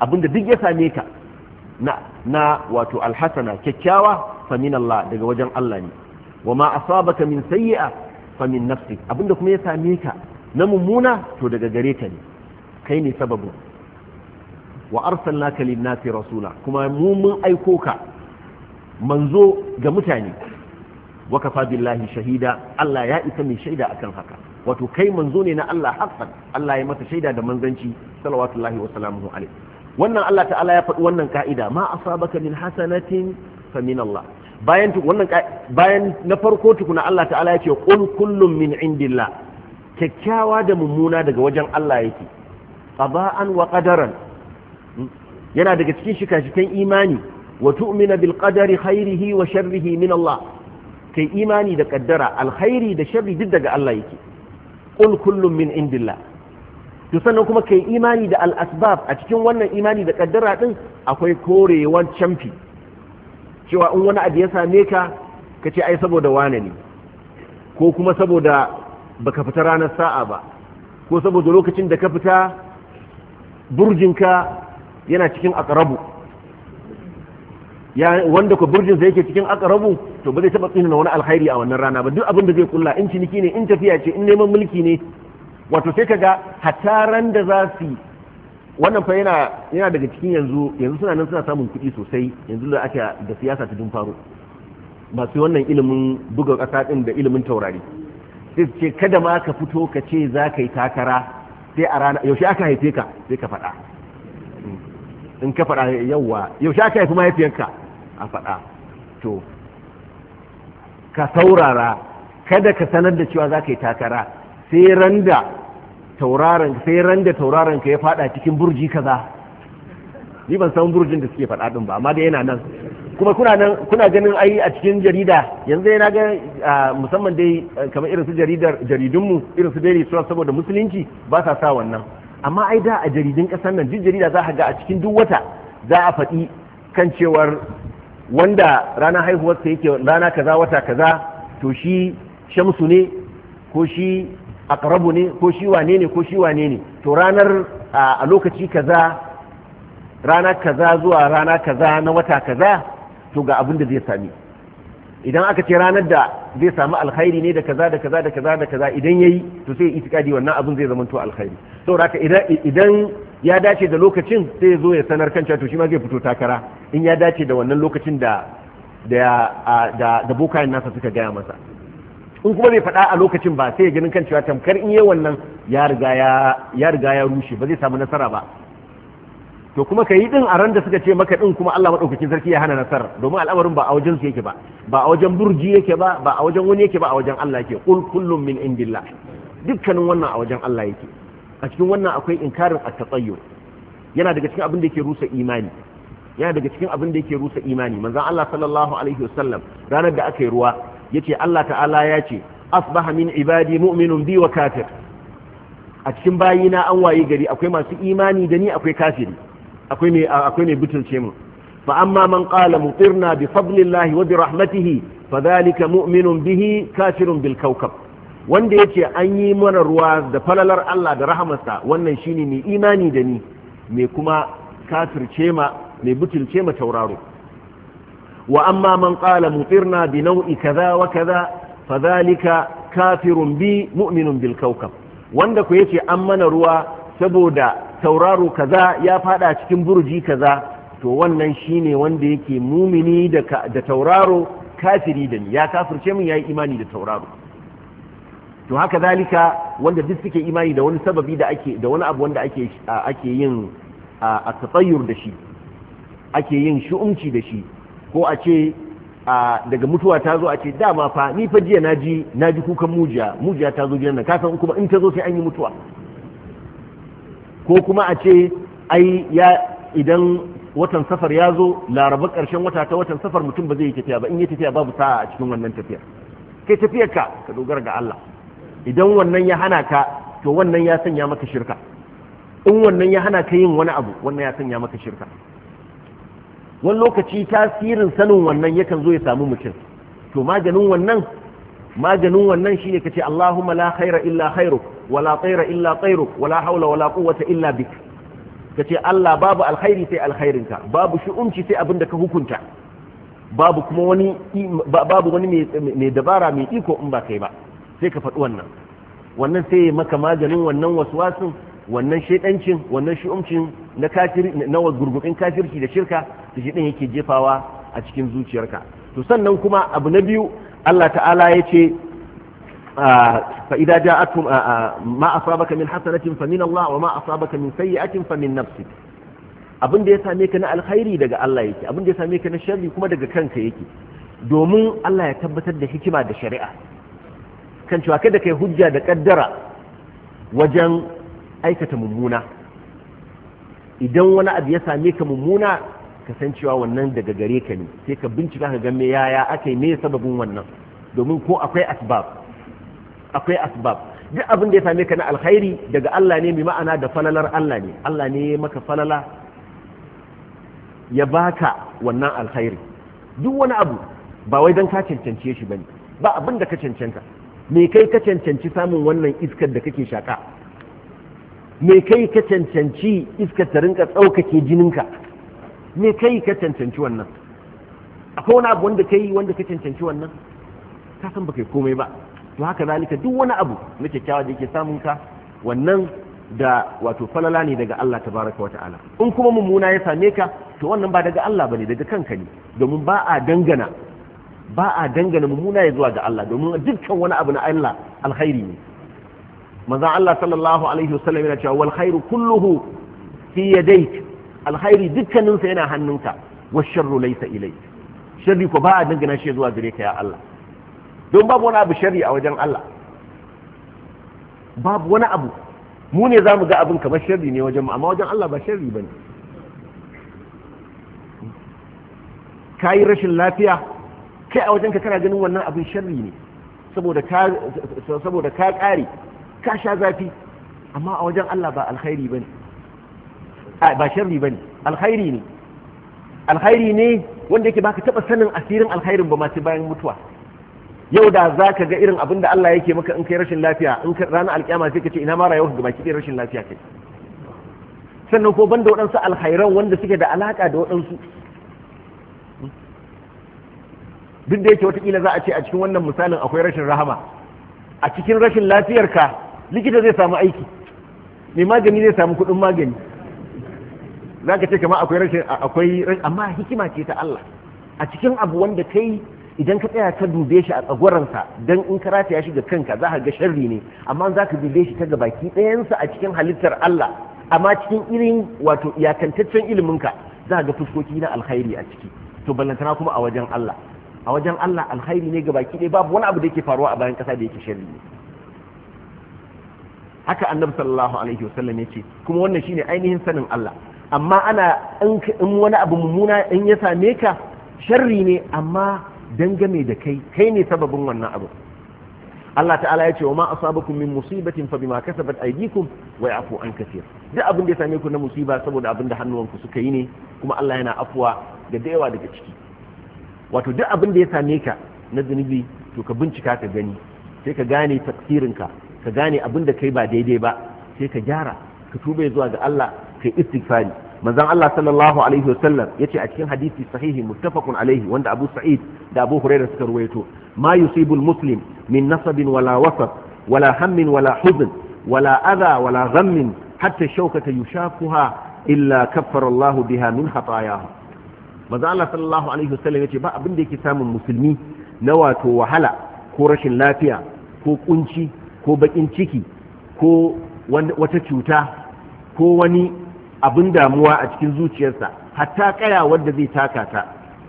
abinda duk ya same ka na na wato alhasana kyakkyawa fa min Allah daga wajen Allah ne wa ma asabaka min sayyi'a fa min nafsi abinda kuma ya same ka na mummuna to daga gare ka ne kai ne sababu wa arsalnaka lin-nasi rasula kuma mu mun aiko ka manzo ga mutane wa kafa billahi shahida Allah ya isa mai shaida akan haka wato kai manzo ne na Allah haqqan Allah ya masa shaida da manzanci salawatullahi wa salamuhu alaihi wannan Allah ta'ala ya faɗi wannan ka'ida ma asabaka min hasanatin fa min Allah bayan wannan bayan na farko tukuna Allah ta'ala ya ce qul kullum min indillah kyakkyawa da mummuna daga wajen Allah yake qada'an wa qadaran hmm? yana daga cikin shika-shikan imani wa tu'mina bil qadari khairihi wa sharrihi min Allah kai imani da kaddara alkhairi da sharri duk daga Allah yake qul kullun min indillah to sannan kuma kai imani da al asbab a cikin wannan imani da kaddara din akwai korewar camfi cewa in wani abu ya same ka ka ai saboda wane ne ko kuma saboda baka fita ranar sa'a ba ko saboda lokacin da ka fita burjinka yana cikin akarabu wanda ku burjin sa yake cikin aqrabu to ba zai taba tsina wani alkhairi a wannan rana ba duk abin da zai kulla in ciniki ne in tafiya ce in neman mulki ne wato sai kaga hataran da za su wannan fa yana yana daga cikin yanzu yanzu suna nan suna samun kuɗi sosai yanzu da aka da siyasa ta dun faro masu wannan ilimin buga ƙasa ɗin da ilimin taurari sai ce kada ma ka fito ka ce za ka yi takara sai a rana yaushe aka haife ka sai ka faɗa in ka faɗa sha yaushe aka haifi mahaifiyanka a faɗa to ka saurara kada ka sanar da cewa za ka yi takara sai randa tauraron sai randa tauraron ka ya faɗa cikin burji kaza ni ban san burjin da suke faɗa din ba amma da yana nan kuma kuna nan kuna ganin ai a cikin jarida yanzu yana ga musamman dai eh, kamar irin su jaridar jaridunmu irin su daily trust saboda musulunci ba sa sa wannan amma ai da a jaridun ƙasar nan duk jarida za a ga a cikin duk wata za a faɗi kan cewar wanda ranar haihuwarsa yake rana kaza wata kaza to shi shamsu ne ko shi akrabu ne ko shi wane ne ko shi wane ne to ranar a lokaci kaza rana kaza zuwa rana kaza na wata kaza to ga abin da zai sami idan aka ce ranar da zai samu alkhairi ne da kaza da kaza da kaza da kaza idan yayi to sai itikadi wannan abun zai zama to alkhairi saboda haka idan ya dace da lokacin sai ya zo ya sanar kanta to shi ma zai fito takara in ya dace da wannan lokacin da da da, da bokayen nasa suka gaya masa in kuma bai faɗa a lokacin ba sai ya ganin kan cewa tamkar in yi wannan ya riga ya riga ya rushe ba zai samu nasara ba to kuma ka yi din a ran da suka ce maka din kuma Allah madaukakin sarki ya hana nasara domin al'amarin ba a wajen su yake ba ba a wajen burji yake ba ba a wajen wani yake ba a wajen Allah yake qul kullum min indillah dukkanin wannan a wajen Allah yake a cikin wannan akwai inkarin at-tatayyur yana daga cikin abin da yake rusa imani yana daga cikin abin da yake rusa imani manzon Allah sallallahu alaihi wasallam ranar da aka yi ruwa yace Allah ta'ala ya ce asbaha min ibadi mu'minun bi wa kafir a cikin bayina an waye gari akwai masu imani da ni akwai kafiri akwai ne butulce mu fa amma man qala mutirna bi fadlillahi wa bi rahmatihi fa dhalika mu'minun bihi kafirun bil kawkab wanda yace an yi mana ruwa da falalar Allah da rahamarsa wannan shine mai imani da ni mai kuma kafirce ma mai butulce ma tauraro wa amma man qala mutirna bi nau'i kaza wa kaza fa dhalika kafirun bi mu'minun bil kawkab wanda ku yace an mana ruwa saboda tauraro kaza ya fada cikin burji kaza to wannan shine wanda yake mumini da tauraro kafiri da ni ya kafirce min yayi imani da tauraro to haka zalika wanda duk suke imani da wani sababi da ake da wani abu wanda ake ake yin a tsayyur da shi ake yin shu'umci da shi ko a ce daga mutuwa ta zo a ce dama fa ni fa jiya naji naji kukan mujiya mujiya ta zo gidan nan kasan kuma in ta zo sai an yi mutuwa ko kuma a ce ai ya idan watan safar ya zo laraba ƙarshen wata ta watan safar mutum ba zai yi tafiya ba in yi tafiya babu sa'a a cikin wannan tafiyar kai tafiyar ka ka dogara ga Allah idan wannan ya hana ka to wannan ya sanya maka shirka in wannan ya hana ka yin wani abu wannan ya sanya maka shirka wani lokaci tasirin sanin wannan yakan zo ya samu mutum to maganin wannan maganin wannan shine kace Allahumma la khaira illa khairuk wala tsaira illa tsairu wala haula wala quwwata illa bik kace Allah babu alkhairi sai alkhairinka babu shi'umci sai abinda ka hukunta babu kuma wani babu wani mai dabara mai iko in ba kai ba sai ka faɗi wannan wannan sai ya maka maganin wannan waswasin wannan shaidancin wannan shi'umcin na kafir na gurgurin kafirci da shirka da shi yake jefawa a cikin zuciyarka to sannan kuma abu na biyu Allah ta'ala ya ce فإذا جاءتهم ما أصابك من حسنة فمن الله وما أصابك من سيئة فمن نفسك abin da ya same ka na alkhairi daga Allah yake abin da ya same ka na sharri kuma daga kanka yake domin Allah ya tabbatar da hikima da shari'a kan cewa kada kai hujja da kaddara wajen aikata mummuna idan wani abu ya same ka mummuna ka san cewa wannan daga gare ka ne sai ka bincika ka ga me yaya aka yi me sababin wannan domin ko akwai asbab akwai asbab duk abin da ya same ka na alkhairi daga Allah ne mai ma'ana da falalar Allah ne Allah ne maka falala ya baka wannan alkhairi duk wani abu ba wai dan ka cancance shi bane ba abin da ka cancanta me kai ka cancanci samun wannan iskar da kake shaka me kai ka cancanci iskar ta rinka tsaukake jininka me kai ka cancanci wannan akwai wani abu wanda kai wanda ka cancanci wannan ka san ba komai ba to haka zalika duk wani abu na kyakkyawa da yake samun ka wannan da wato falala ne daga Allah tabaraka wata'ala in kuma mummuna ya same ka to wannan ba daga Allah bane daga kanka ne domin ba a dangana ba a dangana mummuna ya zuwa ga Allah domin dukkan wani abu na Allah alkhairi ne manzo Allah sallallahu alaihi wasallam yana cewa wal khairu kulluhu fi yadayk alkhairi dukkaninsa yana hannunka wa sharru laysa ilayk sharri ko ba a dangana shi zuwa gare ka ya Allah don babu wani abu shari a wajen Allah babu wani abu mu ne za mu ga abin kamar shari ne wajen amma wajen Allah ba shari ba ne ka yi rashin lafiya kai a wajen ka kana ganin wannan abin shari ne saboda ka ƙare ka sha zafi amma a wajen Allah ba alkhairi ba ne ba shari ba ne alkhairi ne alkhairi ne wanda yake baka taba sanin asirin alkhairin ba mace bayan mutuwa yau da za ka ga irin abin da Allah yake maka in kai rashin lafiya in ka ranar alƙiyama sai ka ce ina mara yau ga baki rashin lafiya kai sannan ko banda waɗansu alhairan wanda suke da alaƙa da waɗansu duk da yake watakila za a ce a cikin wannan misalin akwai rashin rahama a cikin rashin lafiyarka likita zai samu aiki mai magani zai samu kuɗin magani za ka ce kama akwai rashin akwai amma hikima ce ta Allah a cikin abu wanda kai idan ka tsaya ka dube shi a tsagwaransa don in karata ya shiga kanka za ka ga sharri ne amma za ka dube shi ta gabaki ɗayansa a cikin halittar Allah amma cikin irin wato iyakantaccen iliminka za ga fuskoki na alkhairi a ciki to ballantana kuma a wajen Allah a wajen Allah alkhairi ne gabaki ɗaya babu wani abu da yake faruwa a bayan ƙasa da yake sharri ne haka annabi sallallahu alaihi wasallam ya ce kuma wannan shine ainihin sanin Allah amma ana in wani abu mummuna in ya same ka sharri ne amma dangane da kai kai ne sababin wannan abu Allah ta'ala ya ce wa ma asabakum min musibatin fa bima kasabat aydikum wa ya'fu an kaseer duk abin da ya same ku na musiba saboda abin da hannuwanku suka yi ne kuma Allah yana afuwa da dayawa daga ciki wato duk abin da ya same ka na zunubi to ka bincika ka gani sai ka gane tafsirinka ka gane abin da kai ba daidai ba sai ka gyara ka tuba zuwa ga Allah kai istighfari manzan Allah sallallahu alaihi wasallam yace a cikin hadisi sahihi muttafaqun alaihi wanda Abu Sa'id da Abu Hurairah suka ruwaito ma yusibul muslim min nasabin wala wasab wala hammin wala huzn wala adha wala ghammin hatta shawkata yushakuha illa kaffara Allah biha min khatayahu manzon Allah sallallahu alaihi wasallam ce ba abin da yake samun musulmi na wato wahala ko rashin lafiya ko kunci ko bakin ciki ko wata cuta ko wani abin damuwa a cikin zuciyarsa hatta kaya wanda zai taka ta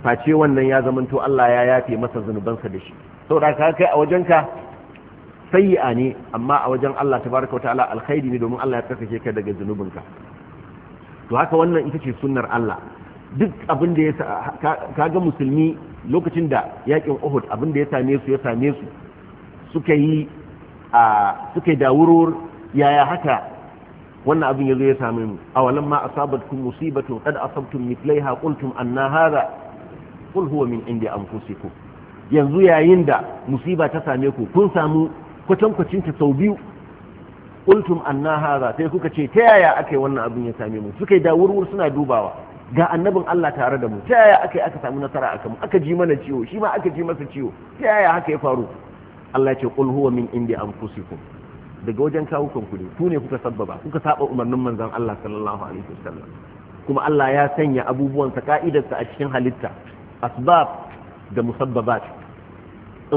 face wannan ya zamanto Allah ya yafe masa zunubansa da shi saboda ka kai a wajenka sayi'a ne amma a wajen Allah tabaraka wataala alkhairi ne domin Allah ya tsarkake ka daga zunubinka to haka wannan ita ce sunnar Allah duk abin da ya kaga musulmi lokacin da yakin Uhud abin da ya same su ya same su suka yi a suka dawurur yaya haka wannan abin yazo ya same mu awalan ma asabatkum musibatu qad asabtum mithlaiha qultum anna hadha qul huwa min indi anfusikum yanzu yayin da musiba ta same ku kun samu kwatankwacin ta sau biyu qultum anna hadha sai kuka ce ta yaya akai wannan abin ya same mu suka da wurwur suna dubawa ga annabin Allah tare da mu ta yaya akai aka samu nasara a kanmu aka ji mana ciwo shi ma aka ji masa ciwo ta yaya haka ya faru Allah ce qul huwa min indi anfusikum daga wajen kawukan ku su ku ne kuka sabbaba kuka saba umarnin manzon Allah sallallahu alaihi wasallam kuma Allah ya sanya abubuwansa ka'idarsa a cikin halitta asbab da musabbabat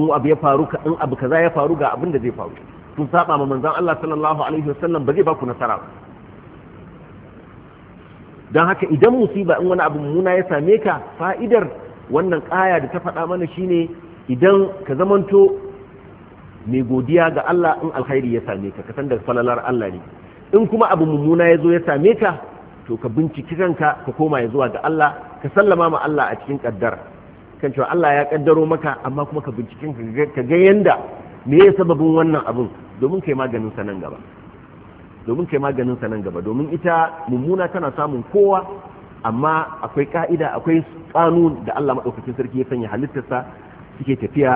in abu ya faru ka in abu kaza ya faru ga abin da zai faru kun saba ma manzon Allah sallallahu alaihi wasallam ba zai ba ku nasara ba don haka idan musiba in wani abu muna ya same ka fa'idar wannan kaya da ta faɗa mana shine idan ka zamanto mai godiya ga Allah in alkhairi ya same ka kasan da falalar Allah ne in kuma abu mummuna ya zo ya same ka to ka binciki kanka ka koma ya zuwa ga Allah ka sallama ma Allah a cikin kaddara kan cewa Allah ya kaddaro maka amma kuma ka binciki ka ga yanda me ya sababin wannan abun domin kai maganin sa nan gaba domin kai maganin sa nan gaba domin ita mummuna tana samun kowa amma akwai ka'ida akwai kanun da Allah madaukakin sarki ya sanya halittarsa suke tafiya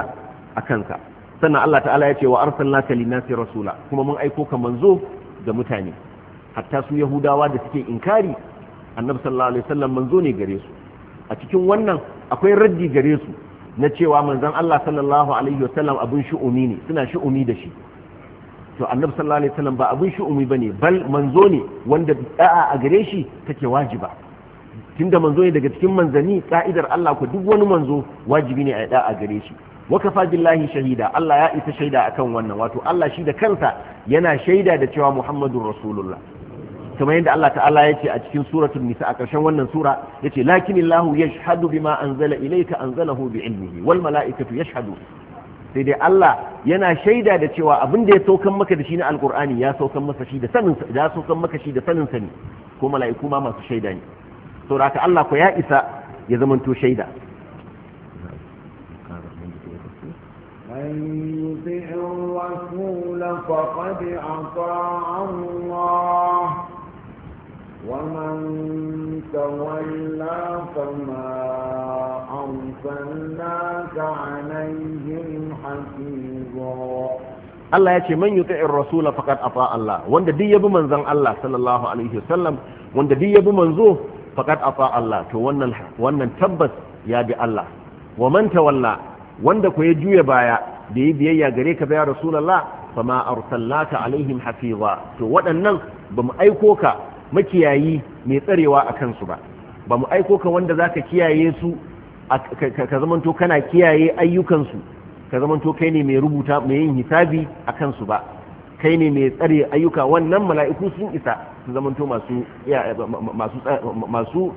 a kansa sannan Allah ta'ala ya ce wa arsalnaka linnasi rasula kuma mun aiko ka manzo ga mutane hatta su yahudawa da suke inkari annabi sallallahu alaihi wasallam manzo ne gare su a cikin wannan akwai raddi gare su na cewa manzon Allah sallallahu alaihi wasallam abun shu'umi ne suna shu'umi da shi to annabi sallallahu alaihi wasallam ba abun shu'umi bane bal manzo ne wanda da'a a gare shi take wajiba tunda manzo ne daga cikin manzani ka'idar Allah ko duk wani manzo wajibi ne a da'a gare shi Waka kafa billahi shahida Allah ya isa shaida akan wannan wato Allah shi da kansa yana shaida da cewa Muhammadur Rasulullah kamar yadda Allah ta'ala ya ce a cikin suratul nisa a ƙarshen wannan sura ya ce lakinillahu yashhadu bima anzala ilayka anzalahu bi ilmihi wal mala'ikatu yashhadu sai dai Allah yana shaida da cewa abin da ya saukan maka da shi na alqur'ani ya saukan masa shi da sanin ya saukan maka shi da sanin sani ko mala'iku ma masu shaida ne saboda Allah ko ya isa ya zamanto shaida ومن يطع الرسول فقد أطاع الله ومن تولى فما أرسلناك عليهم حفيظا Allah ya ce man yuti rasul faqad ata Allah wanda duk yabi manzon Allah sallallahu alaihi wasallam wanda duk yabi manzo faqad ata Allah to wannan wannan tabbas ya bi Allah wa man tawalla wanda ko ya juya baya da yi biyayya gare ka ya rasulullah fama arsalnaka alaihim hafiza to waɗannan bamu aiko ka makiyayi mai tsarewa a kansu ba bamu aiko ka wanda zaka kiyaye su ka zamanto kana kiyaye ayyukansu ka zamanto kai ne mai rubuta mai yin hisabi a kansu ba kai ne mai tsare ayyuka wannan mala'iku sun isa su zamanto masu masu masu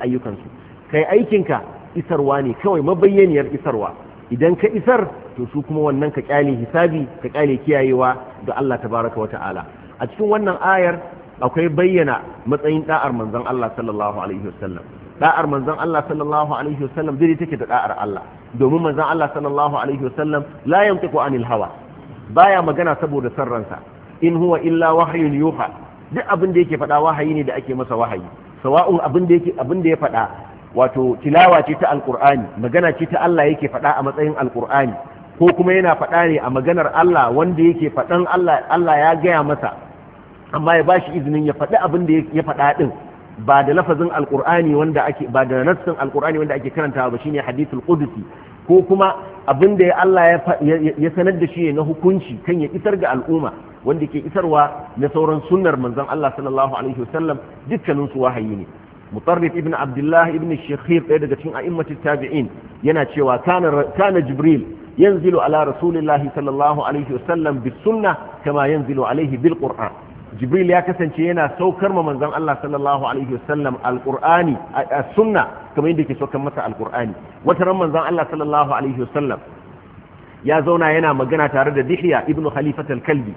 ayyukansu kai aikinka isarwa ne kawai mabayyaniyar isarwa idan ka isar to su kuma wannan ka kyale hisabi ka kyale kiyayewa da Allah tabaraka wa ta'ala a cikin wannan ayar akwai bayyana matsayin da'ar manzon Allah sallallahu alaihi wasallam da'ar manzon Allah sallallahu alaihi wasallam dai take da da'ar Allah domin manzon Allah sallallahu alaihi wasallam la yantiqu anil hawa baya magana saboda sarransa in huwa illa wahyun yuha duk abin da yake faɗa wahayi ne da ake masa wahayi sawa'un abin da yake abin da ya faɗa wato tilawa ce ta alkur'ani magana ce ta Allah yake faɗa a matsayin alkur'ani ko kuma yana faɗa ne a maganar Allah wanda yake faɗan Allah Allah ya gaya masa amma ya bashi izinin ya faɗi abin da ya faɗa din ba da lafazin alkur'ani wanda ake ba da nassin alkur'ani wanda ake karantawa ba shine hadithul qudsi ko kuma abin da Allah ya sanar da shi na hukunci kan ya isar ga al'umma wanda ke isarwa na sauran sunnar manzon Allah sallallahu alaihi wasallam dukkanin su wahayi ne mutarrif ibn abdullah ibn shakhir ɗaya daga cikin a'immatit tabi'in yana cewa kana jibril yanzilu ala rasulillah sallallahu alaihi wa sallam bis sunna kama yanzilu alaihi bil qur'an jibril ya kasance yana saukar ma manzon Allah sallallahu alaihi wa sallam alqur'ani as-sunna kama yadda yake saukar masa alqur'ani wata ran manzon Allah sallallahu alaihi wa sallam ya zauna yana magana tare da Dihya ibn Khalifat al-Kalbi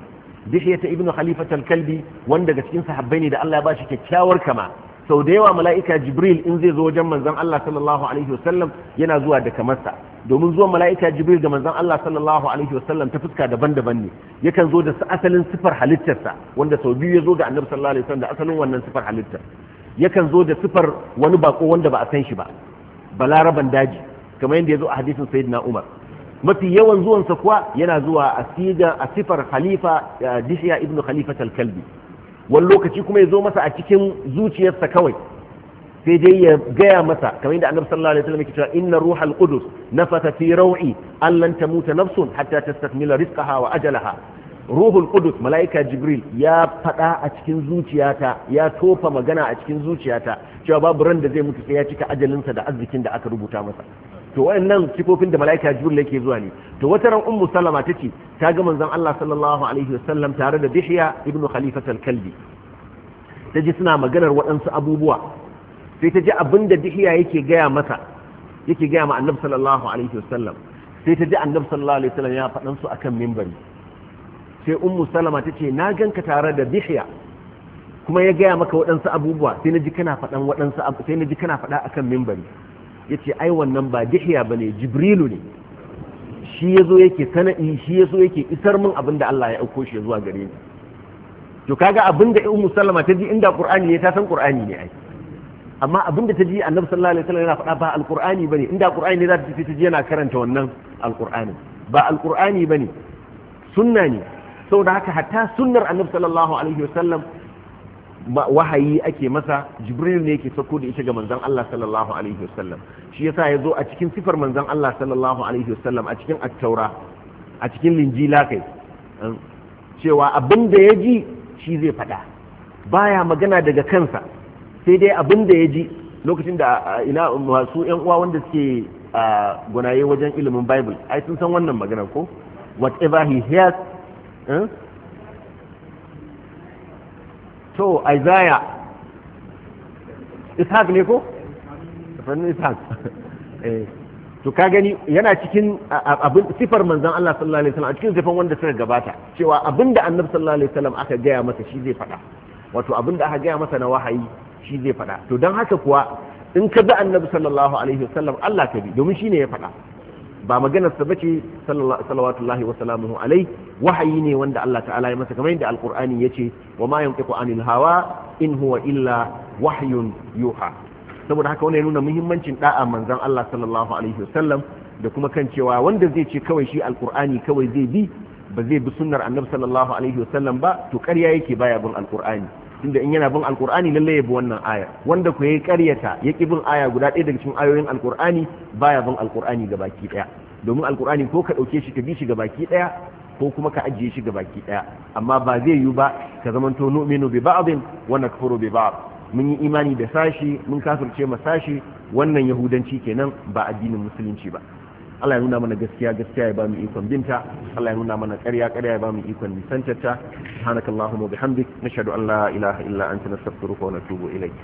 Dihya ta ibn Khalifat al-Kalbi wanda daga cikin sahabbai ne da Allah ya bashi kyakkyawar kama sau da yawa mala'ika jibril in zai zo wajen manzan Allah sallallahu alaihi wasallam yana zuwa da kamarsa domin zuwa mala'ika jibril ga manzan Allah sallallahu alaihi wasallam ta fuska daban-daban ne yakan zo da asalin sifar halittarsa wanda sau biyu ya zo ga annabi sallallahu alaihi da asalin wannan sifar halittar yakan zo da sifar wani bako wanda ba a san shi ba balaraban daji kamar yadda ya zo a hadisin sayyidina umar mafi yawan zuwansa kuwa yana zuwa a a sifar halifa dishiya ibnu khalifa eh, al-kalbi wani lokaci kuma ya zo masa a cikin zuciyarsa kawai sai dai ya gaya masa kamar yadda annabi sallallahu alaihi wasallam yake cewa inna ruhal qudus nafata fi raw'i an lan tamuta nafsun hatta tastakmila rizqaha wa ajalaha ruhul qudus malaika jibril ya fada a cikin zuciyata ya tofa magana a cikin zuciyata cewa babu ran da zai mutu sai ya cika ajalinsa da arzikin da aka rubuta masa to wayannan sifofin da malaika jibril yake zuwa ne to wata ran ummu sallama tace ta ga manzon Allah sallallahu alaihi wasallam tare da Dihya ibnu Khalifat al-Kalbi taji suna maganar waɗansu abubuwa sai ta ji abinda Dihya yake gaya masa yake gaya ma annabi sallallahu alaihi wasallam sai ta ji annabi sallallahu alaihi wasallam ya faɗan su akan minbari sai ummu sallama tace na ganka tare da Dihya kuma ya gaya maka waɗansu abubuwa sai na ji kana faɗan waɗansu sai na ji kana faɗa akan minbari Ya ce ai wannan ba dihiya bane jibrilu ne shi ya zo yake sana'i shi ya zo yake isar min abin da Allah ya auko shi zuwa gare ni to kaga da ummu sallama ta ji inda qur'ani ne ta san qur'ani ne ai amma abin da ta ji annabi sallallahu alaihi wasallam yana faɗa ba alqur'ani bane inda qur'ani ne za ta ji ta ji yana karanta wannan alqur'ani ba alqur'ani bane sunna ne saboda haka hatta sunnar annabi sallallahu alaihi wasallam wahayi ake masa jibril ne yake sauko da ita ga manzon Allah sallallahu alaihi wasallam shi yasa ya zo a cikin sifar manzon Allah sallallahu alaihi wasallam a cikin attaura a cikin linjila kai cewa abin da ya ji shi zai faɗa baya magana daga kansa sai dai abinda da ya ji lokacin da ina masu yan uwa wanda suke gunaye wajen ilimin bible ai sun san wannan magana ko whatever he hears to Isaiah Ishaq ne ko sannan Ishaq eh, to ka gani yana cikin abin sifar manzan Allah sallallahu alaihi wasallam a cikin sifan wanda suka gabata cewa abinda annabi sallallahu alaihi wasallam aka gaya masa shi zai faɗa wato abinda aka gaya masa na wahayi shi zai faɗa to don haka kuwa in ka bi annabi sallallahu alaihi wasallam Allah ka bi domin shi ne ya faɗa ba maganar sa bace sallallahu wa salamuhu alai wahayi ne wanda Allah ta'ala ya masa kamar yadda alqur'ani yace wa ma yantiqu anil hawa in huwa illa wahyun yuha saboda haka wannan ya nuna muhimmancin da'a manzon Allah sallallahu alaihi wasallam da kuma kan cewa wanda zai ce kawai shi alqur'ani kawai zai bi ba zai bi sunnar annabi sallallahu alaihi wasallam ba to ƙarya yake baya bin alqur'ani tunda in yana bin alkur'ani lalle ya bi wannan aya wanda ku yayi ƙaryata ya ki bin aya guda ɗaya daga cikin ayoyin alkur'ani baya bin alkur'ani gabaki ɗaya domin alkur'ani ko ka ɗauke shi ka bi shi gabaki ɗaya ko kuma ka ajiye shi gabaki ɗaya amma ba zai yiwu ba ka zamanto nu'minu bi ba'din wa nakfuru bi ba'd mun yi imani da sashi mun kafirce ma sashi wannan yahudanci kenan ba addinin musulunci ba Allah ya nuna mana gaskiya gaskiya ya bamu ikon binta Allah ya nuna mana ƙarya ƙarya ya bamu ikon nisantarta subhanakallahumma wa bihamdik nashhadu an la ilaha illa anta nastaghfiruka wa natubu ilayk